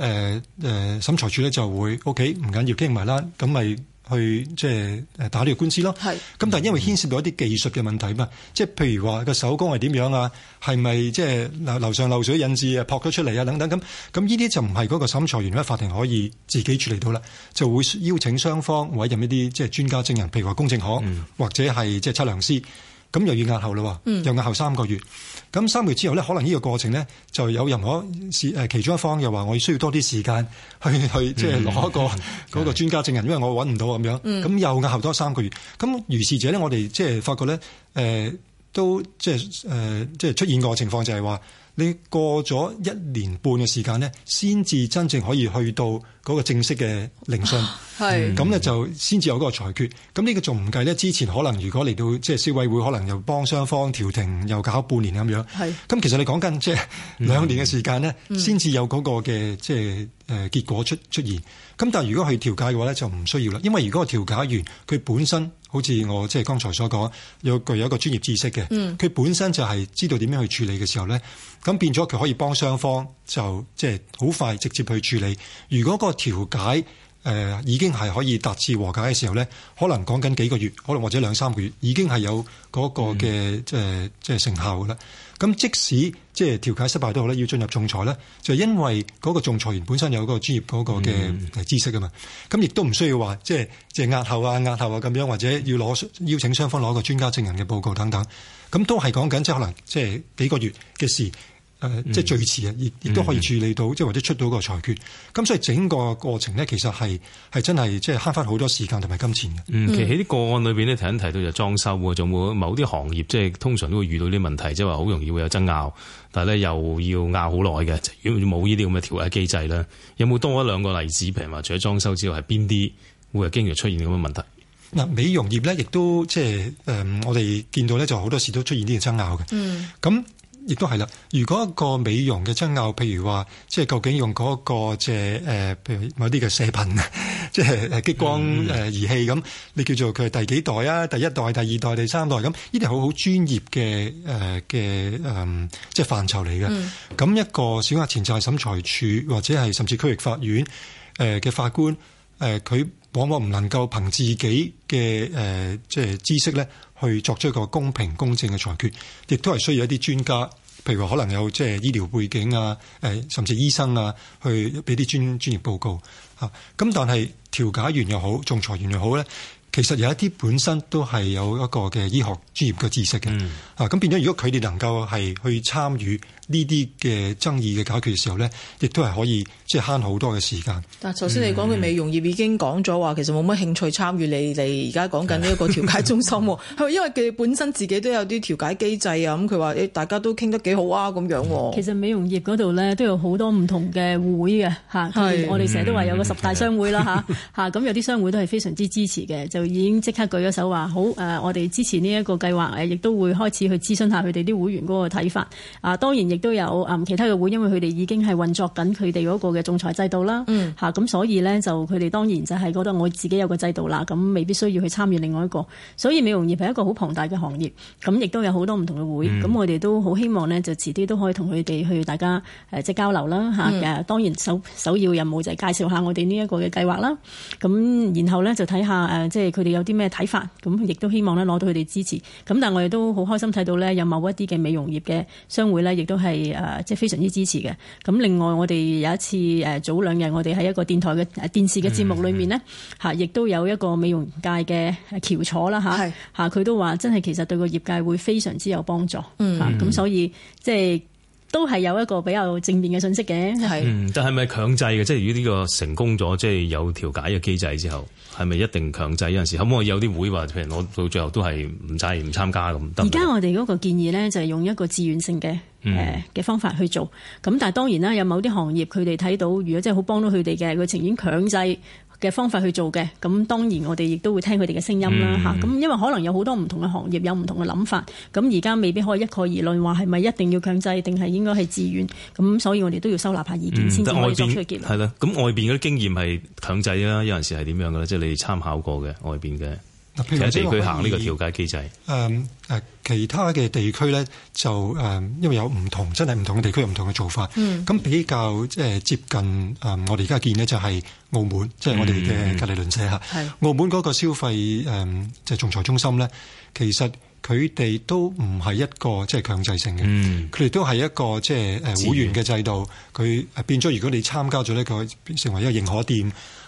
誒審裁處咧就會，O K，唔緊要傾唔埋啦，咁咪，去即係打呢個官司咯，咁是但係因為牽涉到一啲技術嘅問題嘛，即係譬如話個手工係點樣啊，係咪即係樓上漏水引致啊，撲咗出嚟啊等等咁，咁呢啲就唔係嗰個審裁員喺法庭可以自己處理到啦，就會邀請雙方委任一啲即係專家證人，譬如話工程學、嗯、或者係即係測量師。咁又要押後咯，又押後三個月。咁三個月之後咧，可能呢個過程咧就有任何事誒，其中一方又話我需要多啲時間去去即係攞一個嗰個專家證人，的因為我揾唔到咁樣。咁又押後多三個月。咁如是者咧，我哋即係發覺咧、呃，都即係誒即係出現個情況就係、是、話你過咗一年半嘅時間咧，先至真正可以去到。嗰個正式嘅聆訊，係咁咧就先至有嗰個裁決。咁呢個仲唔計咧？之前可能如果嚟到即係消委會，可能又幫雙方調停，又搞半年咁樣。係咁是，其實你講緊即係兩年嘅時間呢，先至、嗯嗯、有嗰個嘅即係誒結果出出現。咁但係如果去調解嘅話咧，就唔需要啦。因為如果個調解員佢本身好似我即係剛才所講，有具有一個專業知識嘅，佢、嗯、本身就係知道點樣去處理嘅時候咧，咁變咗佢可以幫雙方就即係好快直接去處理。如果、嗰個調解誒、呃、已經係可以達至和解嘅時候呢，可能講緊幾個月，可能或者兩三個月，已經係有嗰個嘅即係即係成效啦。咁、嗯呃、即使即係調解失敗都好咧，要進入仲裁呢，就係、因為嗰個仲裁員本身有嗰個專業嗰個嘅知識啊嘛。咁亦都唔需要話即係即係押後啊、押後啊咁樣，或者要攞邀請雙方攞個專家證人嘅報告等等，咁都係講緊即係可能即係幾個月嘅事。誒，嗯、即係最遲啊，亦亦都可以處理到，即係、嗯、或者出到個裁決。咁、嗯、所以整個過程咧，其實係係真係即係慳翻好多時間同埋金錢嘅、嗯。其實喺啲個案裏面咧，頭先提到就裝修喎，仲會某啲行業即係通常都會遇到啲問題，即係話好容易會有爭拗，但係咧又要拗好耐嘅。如果冇呢啲咁嘅調解機制呢，有冇多一兩個例子？譬如話，除咗裝修之外，係邊啲會係經常出現咁嘅問題？嗱、嗯，美容業咧亦都即係、嗯、我哋見到咧就好多時都出現呢啲爭拗嘅。嗯，咁。亦都係啦。如果一個美容嘅爭拗，譬如話，即係究竟用嗰、那個即係誒譬如某啲嘅射頻，即係誒激光誒儀器咁、嗯，你叫做佢係第幾代啊？第一代、第二代、第三代咁，呢啲好好專業嘅誒嘅誒即係範疇嚟嘅。咁、呃嗯就是嗯、一個小額錢債審裁處或者係甚至區域法院誒嘅法官，誒、呃、佢往往唔能夠憑自己嘅誒即係知識咧，去作出一個公平公正嘅裁決，亦都係需要一啲專家。譬如話，可能有即係醫療背景啊，誒，甚至醫生啊，去俾啲專專業報告吓。咁但係調解員又好，仲裁員又好咧，其實有一啲本身都係有一個嘅醫學專業嘅知識嘅啊。咁、嗯、變咗，如果佢哋能夠係去參與，呢啲嘅爭議嘅解決嘅時候咧，亦都係可以即係慳好多嘅時間。嗯、但係頭先你講嘅美容業已經講咗話，其實冇乜興趣參與你哋而家講緊呢一個調解中心，係是的 因為佢本身自己都有啲調解機制啊，咁佢話誒大家都傾得幾好啊，咁樣、嗯，其實美容業嗰度咧都有好多唔同嘅會嘅吓，的我哋成日都話有個十大商會啦吓吓，咁有啲商會都係非常之支持嘅，就已經即刻舉咗手話好誒，我哋支持呢一個計劃誒，亦都會開始去諮詢下佢哋啲會員嗰個睇法啊，當然亦。亦都有其他嘅會，因為佢哋已經係運作緊佢哋嗰個嘅仲裁制度啦。吓、嗯，咁所以咧就佢哋當然就係覺得我自己有個制度啦，咁未必需要去參與另外一個。所以美容業係一個好龐大嘅行業，咁亦都有好多唔同嘅會，咁、嗯、我哋都好希望咧，就遲啲都可以同佢哋去大家誒即係交流啦。吓，當然首首要任務就係介紹下我哋呢一個嘅計劃啦。咁然後咧就睇下誒即係佢哋有啲咩睇法。咁亦都希望咧攞到佢哋支持。咁但係我哋都好開心睇到咧，有某一啲嘅美容業嘅商會咧，亦都係。係誒，即係非常之支持嘅。咁另外，我哋有一次誒，早兩日我哋喺一個電台嘅電視嘅節目裏面呢，吓，亦都有一個美容界嘅翹楚啦，吓吓佢都話真係其實對個業界會非常之有幫助。係係嗯，咁所以即係。即係都係有一個比較正面嘅信息嘅，係、就是、嗯，但係咪強制嘅？即係如果呢個成功咗，即、就、係、是、有調解嘅機制之後，係咪一定強制有陣時？可唔可以有啲會話？譬如我到最後都係唔制唔參加咁。而家我哋嗰個建議呢，就係用一個自願性嘅嘅、嗯呃、方法去做。咁但係當然啦，有某啲行業佢哋睇到，如果真係好幫到佢哋嘅，佢情願強制。嘅方法去做嘅，咁當然我哋亦都會聽佢哋嘅聲音啦嚇。咁、嗯、因為可能有好多唔同嘅行業有唔同嘅諗法，咁而家未必可以一概而論話係咪一定要強制定係應該係自願。咁所以我哋都要收納下意見先至、嗯、可以作出結論。係啦，咁外邊嗰啲經驗係強制啦，有陣時係點樣嘅咧，即係你哋參考過嘅外邊嘅。喺地區行呢個調解機制。誒誒，其他嘅地區咧就誒，因為有唔同，真係唔同嘅地區有唔同嘅做法。咁、嗯、比較即係接近誒，我哋而家見呢，就係澳門，即、就、係、是、我哋嘅隔離鄰舍嚇。係、嗯。澳門嗰個消費誒即係仲裁中心咧，其實佢哋都唔係一個即係、就是、強制性嘅。佢哋、嗯、都係一個即係誒會員嘅制度，佢源變咗。如果你參加咗呢，佢成為一個認可店。嚇，誒誠信店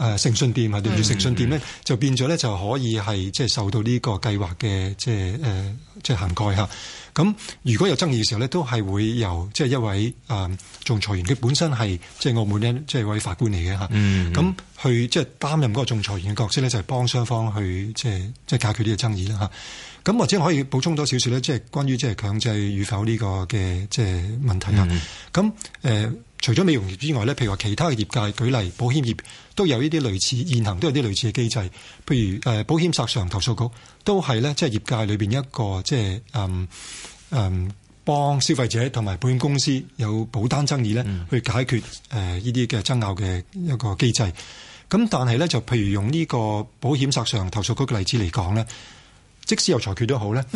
啊誠信店，例如誠信店咧，的就變咗咧，就可以係即係受到呢個計劃嘅即係誒即係涵蓋嚇。咁、呃、如果有爭議嘅時候咧，都係會由即係一位誒、呃、仲裁員，佢本身係即係澳門呢，即係位法官嚟嘅嚇。咁去即係擔任嗰個仲裁員嘅角色咧，就係幫雙方去即係即係解決呢個爭議啦嚇。咁或者可以補充多少少咧，即係關於即係強制與否呢個嘅即係問題啦。咁誒的。那呃除咗美容業之外咧，譬如話其他嘅業界，舉例保險業都有呢啲類似，現行都有啲類似嘅機制。譬如誒保險實上投訴局都係咧，即係業界裏邊一個即係誒誒幫消費者同埋保險公司有保單爭議咧，去解決誒呢啲嘅爭拗嘅一個機制。咁但係咧，就譬如用呢個保險實上投訴局嘅例子嚟講咧，即使有裁決都好咧，誒、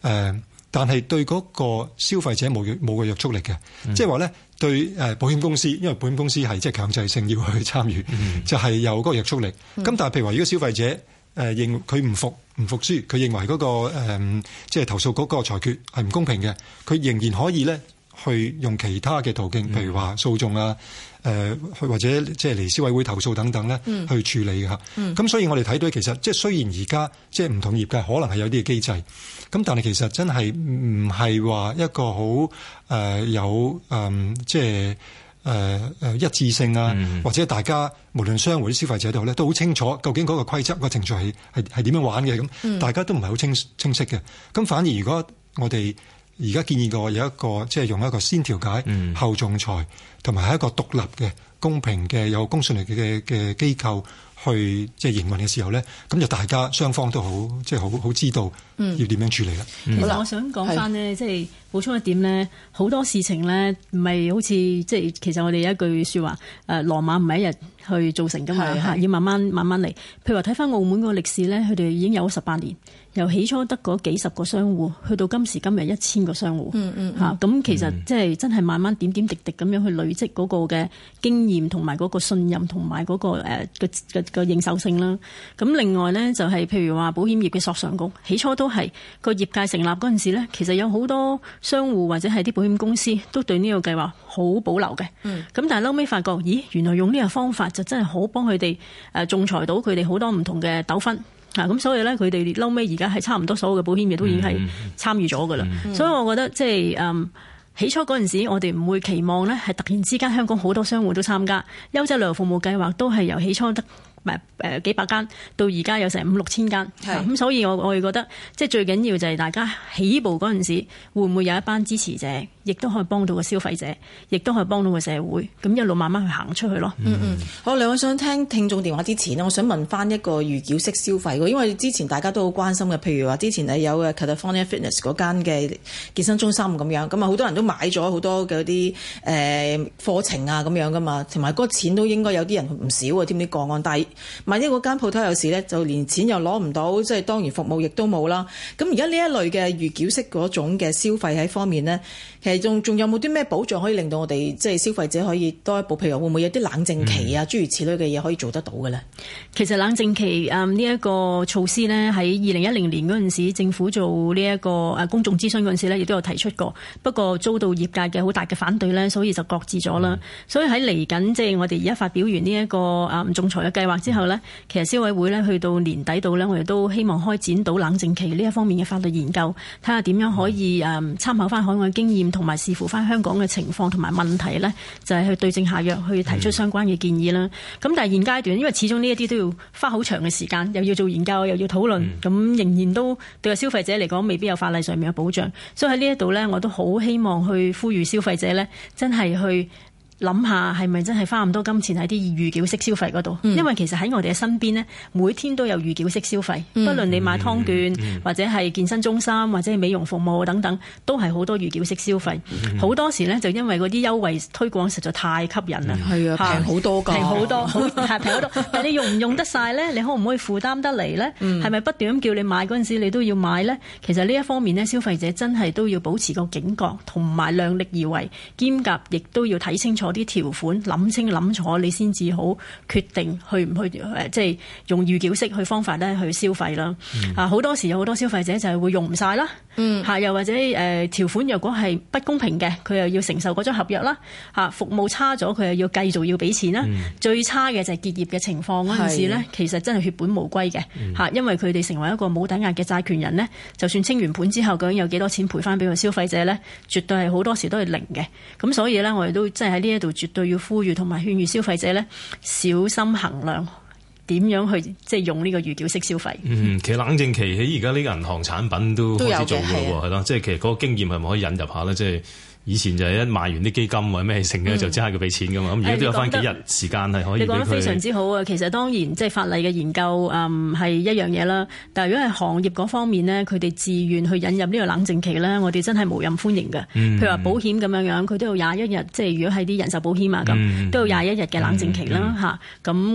嗯，但係對嗰個消費者冇約冇個約束力嘅，即係話咧。對誒保險公司，因為保險公司係即係強制性要去參與，就係有嗰個約束力。咁但係譬如話，如果消費者誒認佢唔服唔服輸，佢認為嗰個即係投訴嗰個裁決係唔公平嘅，佢仍然可以咧去用其他嘅途徑，譬如話訴訟啊。誒，或者即係嚟消委會投訴等等咧，去處理嘅嚇。咁、嗯嗯、所以，我哋睇到其實，即係雖然而家即係唔同業界可能係有啲嘅機制，咁但係其實真係唔係話一個好誒、呃、有誒即係誒誒一致性啊，嗯、或者大家無論商戶啲消費者都好咧，都好清楚究竟嗰個規則、嗰個程序係係係點樣玩嘅咁，大家都唔係好清清晰嘅。咁反而如果我哋而家建議過有一個即係、就是、用一個先調解後仲裁，同埋係一個獨立嘅公平嘅有公信力嘅嘅機構去即係營運嘅時候咧，咁就大家雙方都好即係好好知道要點樣處理啦。嗯、的其實我想講翻咧，的即係。補充一點咧，好多事情咧，唔係好似即係其實我哋有一句説話，誒、呃，羅馬唔係一日去造成噶嘛嚇，是是要慢慢慢慢嚟。譬如話睇翻澳門個歷史咧，佢哋已經有十八年，由起初得嗰幾十個商戶，去到今時今日一千個商戶嚇，咁、嗯嗯嗯啊、其實即係真係慢慢點點滴滴咁樣去累積嗰個嘅經驗同埋嗰個信任同埋嗰個誒嘅嘅嘅認受性啦。咁、啊、另外咧就係、是、譬如話保險業嘅索償局，起初都係個業界成立嗰陣時咧，其實有好多。商戶或者係啲保險公司都對呢個計劃好保留嘅，咁、嗯、但係嬲尾發覺，咦，原來用呢個方法就真係好幫佢哋仲裁到佢哋好多唔同嘅糾紛，咁、啊、所以呢，佢哋嬲尾而家係差唔多所有嘅保險業都已經係參與咗㗎啦，嗯、所以我覺得即係、嗯、起初嗰陣時，我哋唔會期望呢係突然之間香港好多商戶都參加優質旅遊服務計劃，都係由起初得。唔幾百間，到而家有成五六千間，咁是所以我我哋覺得即係最緊要就係大家起步嗰陣時，會唔會有一班支持者，亦都可以幫到個消費者，亦都可以幫到個社會，咁一路慢慢去行出去咯。嗯嗯，嗯好，兩位想聽聽眾電話之前，我想問翻一個預繳式消費，因為之前大家都好關心嘅，譬如話之前有嘅 California Fitness 嗰間嘅健身中心咁樣，咁啊好多人都買咗好多嘅啲誒課程啊咁樣噶嘛，同埋個錢都應該有啲人唔少啊添啲個案，但萬一嗰間鋪頭有事呢，就連錢又攞唔到，即係當然服務亦都冇啦。咁而家呢一類嘅預繳式嗰種嘅消費喺方面呢，其實仲仲有冇啲咩保障可以令到我哋即係消費者可以多一步？譬如話會唔會有啲冷靜期啊，嗯、諸如此類嘅嘢可以做得到嘅呢？其實冷靜期呢一、嗯呢個措施呢，喺二零一零年嗰陣時政府做呢、這、一個啊公眾諮詢嗰陣時呢，亦都有提出過，不過遭到業界嘅好大嘅反對呢，所以就擱置咗啦。嗯、所以喺嚟緊即係我哋而家發表完呢、這、一個啊、嗯、仲裁嘅計劃之後呢，其實消委會呢，去到年底度呢，我哋都希望開展到冷靜期呢一方面嘅法律研究，睇下點樣可以啊、嗯、參考翻海外經驗。同埋視乎翻香港嘅情況同埋問題呢就係、是、去對症下藥，去提出相關嘅建議啦。咁是的 但係現階段，因為始終呢一啲都要花好長嘅時間，又要做研究，又要討論，咁是的 仍然都對個消費者嚟講，未必有法例上面嘅保障。所以喺呢一度呢，我都好希望去呼籲消費者呢，真係去，諗下係咪真係花咁多金錢喺啲預繳式消費嗰度？嗯、因為其實喺我哋嘅身邊呢，每天都有預繳式消費，不論你買堂券，嗯嗯、或者係健身中心或者係美容服務等等，都係好多預繳式消費。好、嗯、多時呢，就因為嗰啲優惠推廣實在太吸引啦，係啊、嗯，平好多㗎，平好多，平好多 但你用唔用得晒呢？你可唔可以負擔得嚟呢？係咪、嗯、不，不斷咁叫你買嗰陣時，你都要買呢？其實呢一方面呢，消費者真係都要保持個警覺，同埋量力而為，兼夾亦都要睇清楚。啲條款諗清諗楚，你先至好決定去唔去，誒，即係用預繳式去方法咧去消費啦。啊、嗯，好多時有好多消費者就係會用唔晒啦。嗯，嚇，又或者誒、呃、條款若果係不公平嘅，佢又要承受嗰張合約啦，服務差咗佢又要繼續要俾錢啦，嗯、最差嘅就係結業嘅情況嗰陣時咧，的其實真係血本無歸嘅，嗯、因為佢哋成為一個冇抵押嘅債權人咧，就算清完盤之後究竟有幾多錢賠翻俾個消費者咧，絕對係好多時都係零嘅。咁所以咧，我哋都真係喺呢一度絕對要呼籲同埋勸喻消費者咧，小心衡量。點樣去即係用呢個預繳式消費？嗯，其實冷靜期喺而家呢個銀行產品都開始做嘅咯，係啦。即係其實嗰個經驗係咪可以引入一下咧？即係。以前就係一賣完啲基金或者咩成嘅，就即刻要俾錢噶嘛。咁而家都有翻幾日時間係可以你。你講得非常之好啊！其實當然即係法例嘅研究誒係、嗯、一樣嘢啦。但係如果係行業嗰方面呢，佢哋自願去引入呢個冷靜期呢，我哋真係無任歡迎嘅。嗯、譬如話保險咁樣樣，佢都要廿一日，即係如果係啲人壽保險啊咁，嗯、都要廿一日嘅冷靜期啦咁、嗯嗯啊、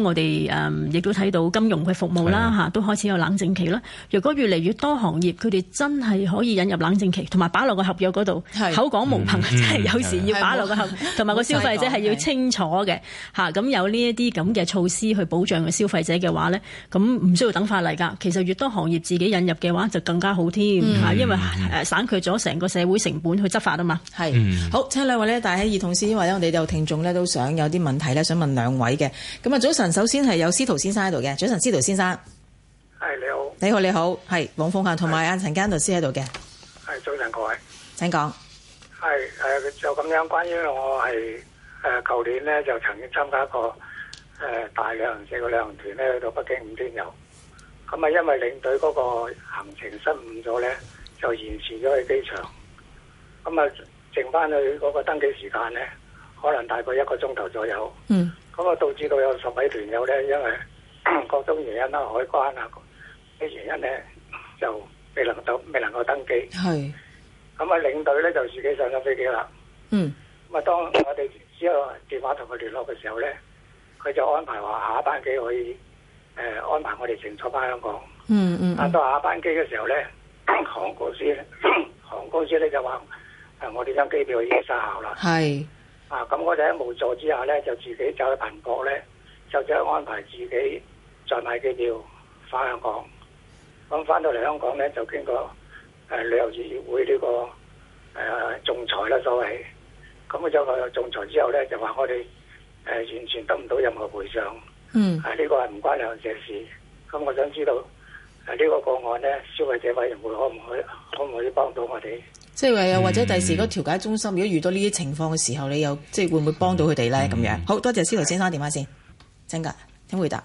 我哋亦、嗯、都睇到金融嘅服務啦、嗯啊、都開始有冷靜期啦。如果越嚟越多行業佢哋真係可以引入冷靜期，同埋擺落個合約嗰度的口即係、嗯、有時要把落個同埋個消費者係要清楚嘅吓，咁、嗯嗯、有呢一啲咁嘅措施去保障個消費者嘅話呢，咁唔需要等法例噶。其實越多行業自己引入嘅話，就更加好添、嗯、因為省卻咗成個社會成本去執法啊嘛。係好，請兩位咧帶喺耳筒先，因為我哋有聽眾呢都想有啲問題呢，想問兩位嘅。咁啊，早晨，首先係有司徒先生喺度嘅，早晨，司徒先生，係你，你好，你好，你好，係黃鳳嫺同埋阿陳家殷大律師喺度嘅，係早晨各位，請講。係誒，就咁樣。關於我係誒，舊年咧就曾經參加過誒、呃、大嘅旅行社嘅旅行團咧，去到北京五天遊。咁啊，因為領隊嗰個行程失誤咗咧，就延遲咗去機場。咁啊，剩翻去嗰個登記時間咧，可能大概一個鐘頭左右。嗯。咁啊，導致到有十位團友咧，因為各種原因啦、啊，海關啊啲原因咧，就未能登，未能夠登記。係。咁啊，領隊咧就自己上咗飛機啦。嗯。咁啊，當我哋之後電話同佢聯絡嘅時候咧，佢就安排話下一班機可以誒、呃、安排我哋乘坐翻香港。嗯嗯，嗯。到下一班機嘅時候咧，航空公司航空公司咧就話、呃、我哋張機票已經失效啦。是啊，咁我哋喺無助之下咧，就自己走去貧國咧，就即刻安排自己再買機票翻香港。咁翻到嚟香港咧，就經過，誒、呃，旅遊業議會呢、這個誒、呃、仲裁啦，所謂咁啊，就個仲裁之後咧，就話我哋誒、呃、完全得唔到任何賠償。嗯，啊呢、這個係唔關旅行社事。咁我想知道，啊呢、這個個案咧，消費者委員會可唔可可唔可以幫到我哋？即係話又或者第時個調解中心，如果遇到呢啲情況嘅時候，你又即係會唔會幫到佢哋咧？咁樣、嗯、好多謝司徒先生電話先，真噶請回答。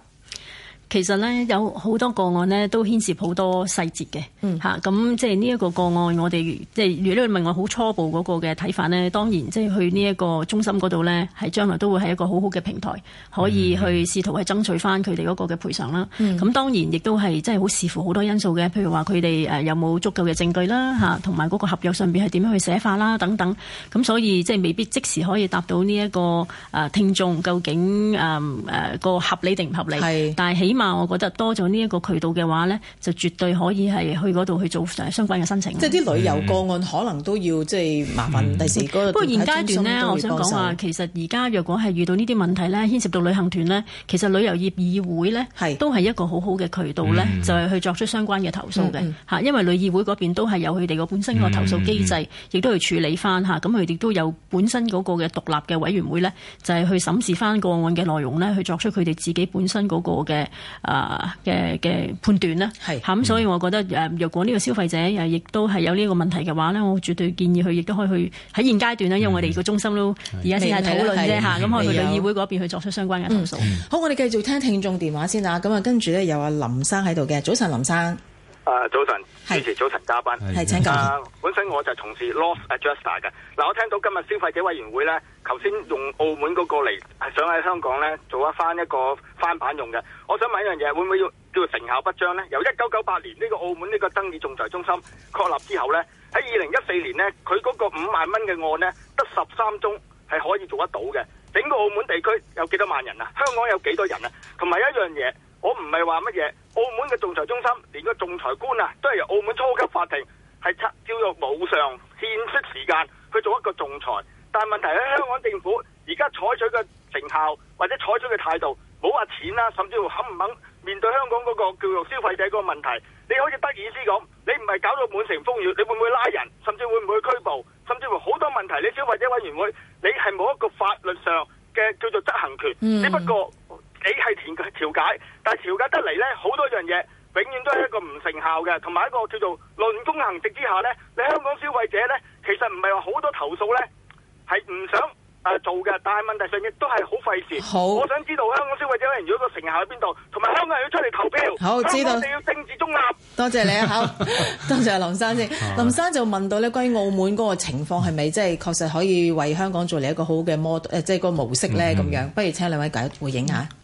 其實呢，有好多個案呢都牽涉好多細節嘅，吓咁、嗯啊、即係呢一個個案，我哋即係如果你問我好初步嗰個嘅睇法呢，當然即係去呢一個中心嗰度呢，係將來都會係一個好好嘅平台，可以去試圖去爭取翻佢哋嗰個嘅賠償啦。咁、嗯啊、當然亦都係即係好視乎好多因素嘅，譬如話佢哋誒有冇足夠嘅證據啦，吓同埋嗰個合約上面係點樣去寫法啦等等。咁、啊、所以即係未必即時可以答到呢、這、一個誒、呃、聽眾究竟誒誒個合理定唔合理？是但係起碼。啊！我覺得多咗呢一個渠道嘅話呢就絕對可以係去嗰度去做相關嘅申請。即係啲旅遊個案可能都要即係麻煩第時、嗯嗯。不過現階段呢，我想講話，其實而家若果係遇到呢啲問題呢，牽涉到旅行團呢，其實旅遊業議會呢，是都係一個好好嘅渠道呢，嗯、就係去作出相關嘅投訴嘅、嗯嗯、因為旅議會嗰邊都係有佢哋個本身個投訴機制，亦、嗯嗯、都去處理翻嚇。咁佢哋都有本身嗰個嘅獨立嘅委員會呢，就係、是、去審視翻個案嘅內容呢，去作出佢哋自己本身嗰、那個嘅。啊嘅嘅判斷啦，係咁是，所以我覺得誒，若、嗯、果呢個消費者又亦都係有呢個問題嘅話咧，我絕對建議佢亦都可以去喺現階段呢，因為我哋個中心都而家先係討論啫嚇，咁可以去議會嗰邊去作出相關嘅投訴。嗯、好，我哋繼續聽聽聽眾電話先啊。咁啊，跟住咧有阿林生喺度嘅，早晨，林生。啊、呃，早晨，主是持早晨加班，嘉賓係，請講、呃。是的本身我就從事 loss adjuster 嘅，嗱、呃，我聽到今日消費者委員會呢，頭先用澳門嗰個嚟，係想喺香港呢做一翻一個翻版用嘅。我想問一樣嘢，會唔會叫成效不彰呢？由一九九八年呢個澳門呢個爭議仲裁中心確立之後呢，喺二零一四年呢，佢嗰個五萬蚊嘅案呢，得十三宗係可以做得到嘅。整個澳門地區有幾多萬人啊？香港有幾多人啊？同埋一樣嘢。我唔係話乜嘢，澳門嘅仲裁中心，連個仲裁官啊，都係由澳門初級法庭係叫做無償獻息時間去做一個仲裁。但係問題喺香港政府而家採取嘅成效或者採取嘅態度，冇話錢啦、啊，甚至乎肯唔肯面對香港嗰個叫做消費者嗰個問題，你可以得意思講，你唔係搞到滿城風雨，你會唔會拉人，甚至會唔會拘捕，甚至乎好多問題，你消費者委員會你係冇一個法律上嘅叫做執行權，只、嗯、不過你係填個調解。但係調解得嚟咧，好多樣嘢永遠都係一個唔成效嘅，同埋一個叫做論功行直之下咧，你香港消費者咧其實唔係話好多投訴咧係唔想誒做嘅，但係問題上亦都係好費事。好，我想知道香港消費者咧，如果個成效喺邊度，同埋香港人要出嚟投票。好，投票好，知道。要政治中立。多謝你啊，好， 多謝阿林生先 林先。林生就問到咧，關於澳門嗰個情況係咪即係確實可以為香港做嚟一個好嘅 model 誒，即係個模式咧咁樣？嗯嗯不如請兩位解回應下。嗯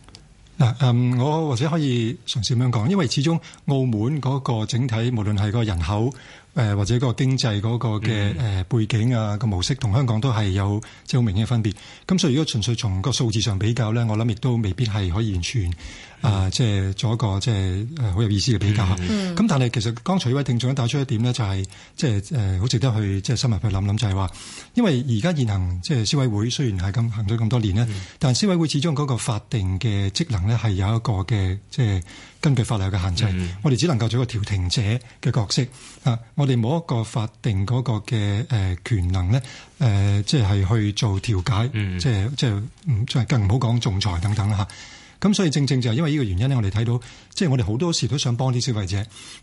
嗱，嗯，我或者可以嘗試咁樣講，因為始終澳門嗰個整體，無論係個人口。誒或者個經濟嗰個嘅誒背景啊，個，嗯、模式同香港都係有即係好明顯嘅分別。咁所以如果純粹從個數字上比較咧，我諗亦都未必係可以完全啊，即係，嗯呃，就是，做一個即係好有意思嘅比較。咁，嗯嗯，但係其實剛才呢位聽眾咧帶出一點咧，就係即係誒好值得去即係，就是，深入去諗諗，就係話，因為而家現行即係消委會雖然係咁行咗咁多年呢，嗯、但係消委會始終嗰個法定嘅職能呢，係有一個嘅即係根據法律嘅限制，嗯、我哋只能夠做一個調停者嘅角色啊！嗯、我哋冇一個法定嗰個嘅誒權能咧，誒即係去做調解，即係即係即係更唔好講仲裁等等吓，咁所以正正就係因為呢個原因咧，我哋睇到。即係我哋好多時都想幫啲消費者，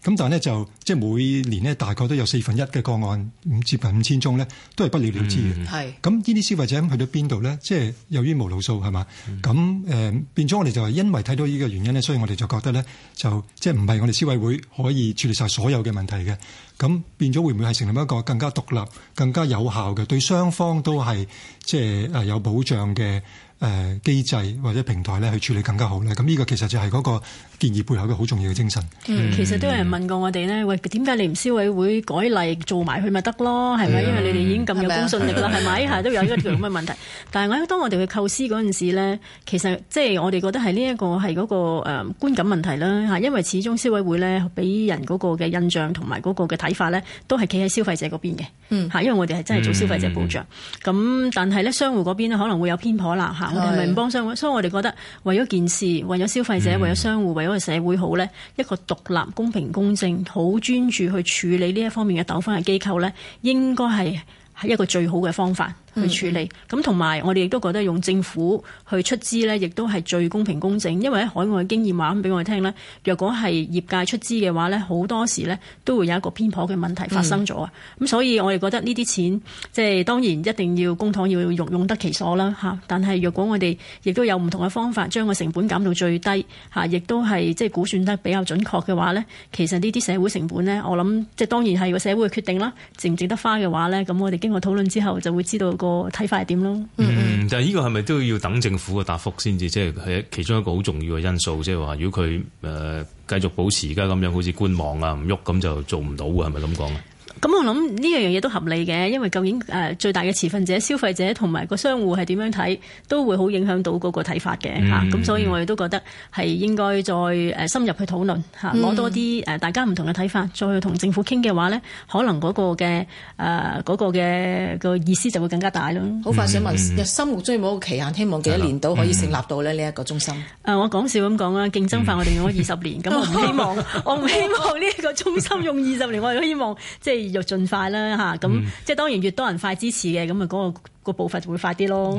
咁但係呢，就即係每年呢，大概都有四分一嘅個案，五接近五千宗呢，都係不了了之嘅。咁呢啲消費者咁去到邊度呢？即係由於無路數係嘛咁誒，變咗我哋就係因為睇到呢個原因呢，所以我哋就覺得呢，就即係唔係我哋消委會可以處理晒所有嘅問題嘅。咁變咗會唔會係成立一個更加獨立、更加有效嘅對雙方都係即係、呃、有保障嘅誒、呃、機制或者平台咧去處理更加好呢？咁呢個其實就係嗰、嗰個。建議背後嘅好重要嘅精神。其實都有人問過我哋呢，喂，點解你唔消委會改例做埋佢咪得咯？係咪？因為你哋已經咁有公信力啦，係咪？都有呢條咁嘅問題。但係我喺當我哋去構思嗰陣時咧，其實即係我哋覺得係呢一個係嗰個誒觀感問題啦。嚇，因為始終消委會呢，俾人嗰個嘅印象同埋嗰個嘅睇法呢，都係企喺消費者嗰邊嘅。嗯。因為我哋係真係做消費者保障。咁，但係呢，商戶嗰邊可能會有偏頗啦。嚇，我哋咪唔幫商戶，所以我哋覺得為咗件事，為咗消費者，為咗商戶，一個社會好咧，一個獨立、公平、公正、好專注去處理呢一方面嘅糾紛嘅機構咧，應該係係一個最好嘅方法。去處理咁，同埋，我哋亦都覺得用政府去出資呢，亦都係最公平公正。因為喺海外嘅經驗話咁俾我哋聽咧，若果係業界出資嘅話呢，好多時呢都會有一個偏頗嘅問題發生咗啊。咁、嗯、所以我哋覺得呢啲錢即係當然一定要公帑要用用得其所啦嚇。但係若果我哋亦都有唔同嘅方法，將個成本減到最低嚇，亦都係即係估算得比較準確嘅話呢，其實呢啲社會成本呢，我諗即係當然係個社會嘅決定啦，值唔值得花嘅話呢，咁我哋經過討論之後就會知道。個睇法係點咯？嗯嗯，但係呢個係咪都要等政府嘅答覆先至？即係係其中一個好重要嘅因素，即係話如果佢誒繼續保持而家咁樣，好似觀望啊唔喐咁就做唔到，係咪咁講啊？咁我諗呢樣嘢都合理嘅，因為究竟誒最大嘅持份者、消費者同埋個商戶係點樣睇，都會好影響到嗰個睇法嘅嚇。咁、嗯、所以我哋都覺得係應該再誒深入去討論嚇，攞、嗯、多啲誒大家唔同嘅睇法，嗯、再去同政府傾嘅話咧，可能嗰個嘅誒嗰個嘅個意思就會更加大咯。好快想問，心目、嗯、中有冇個期限，希望幾多年都可以成立到咧呢一個中心？誒、嗯嗯啊，我講笑咁講啦，競爭法我哋用咗二十年，咁 我唔希望， 我唔希望呢一個中心用二十年，我係希望即係。 即係要盡快啦嚇，咁即係當然越多人快支持嘅，咁啊嗰個步伐就會快啲咯。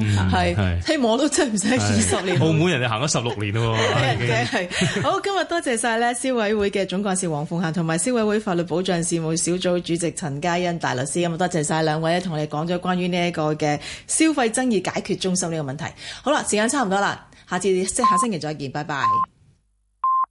希望我都真係唔使二十年，澳門人哋行咗十六年喎。係好，今日多謝晒咧消委會嘅總幹事黃鳳嫻同埋消委會法律保障事務小組主席陳家殷大律師。咁啊多謝晒兩位同我哋講咗關於呢一個嘅消費爭議解決中心呢個問題。好啦，時間差唔多啦，下次即下星期再見，拜拜。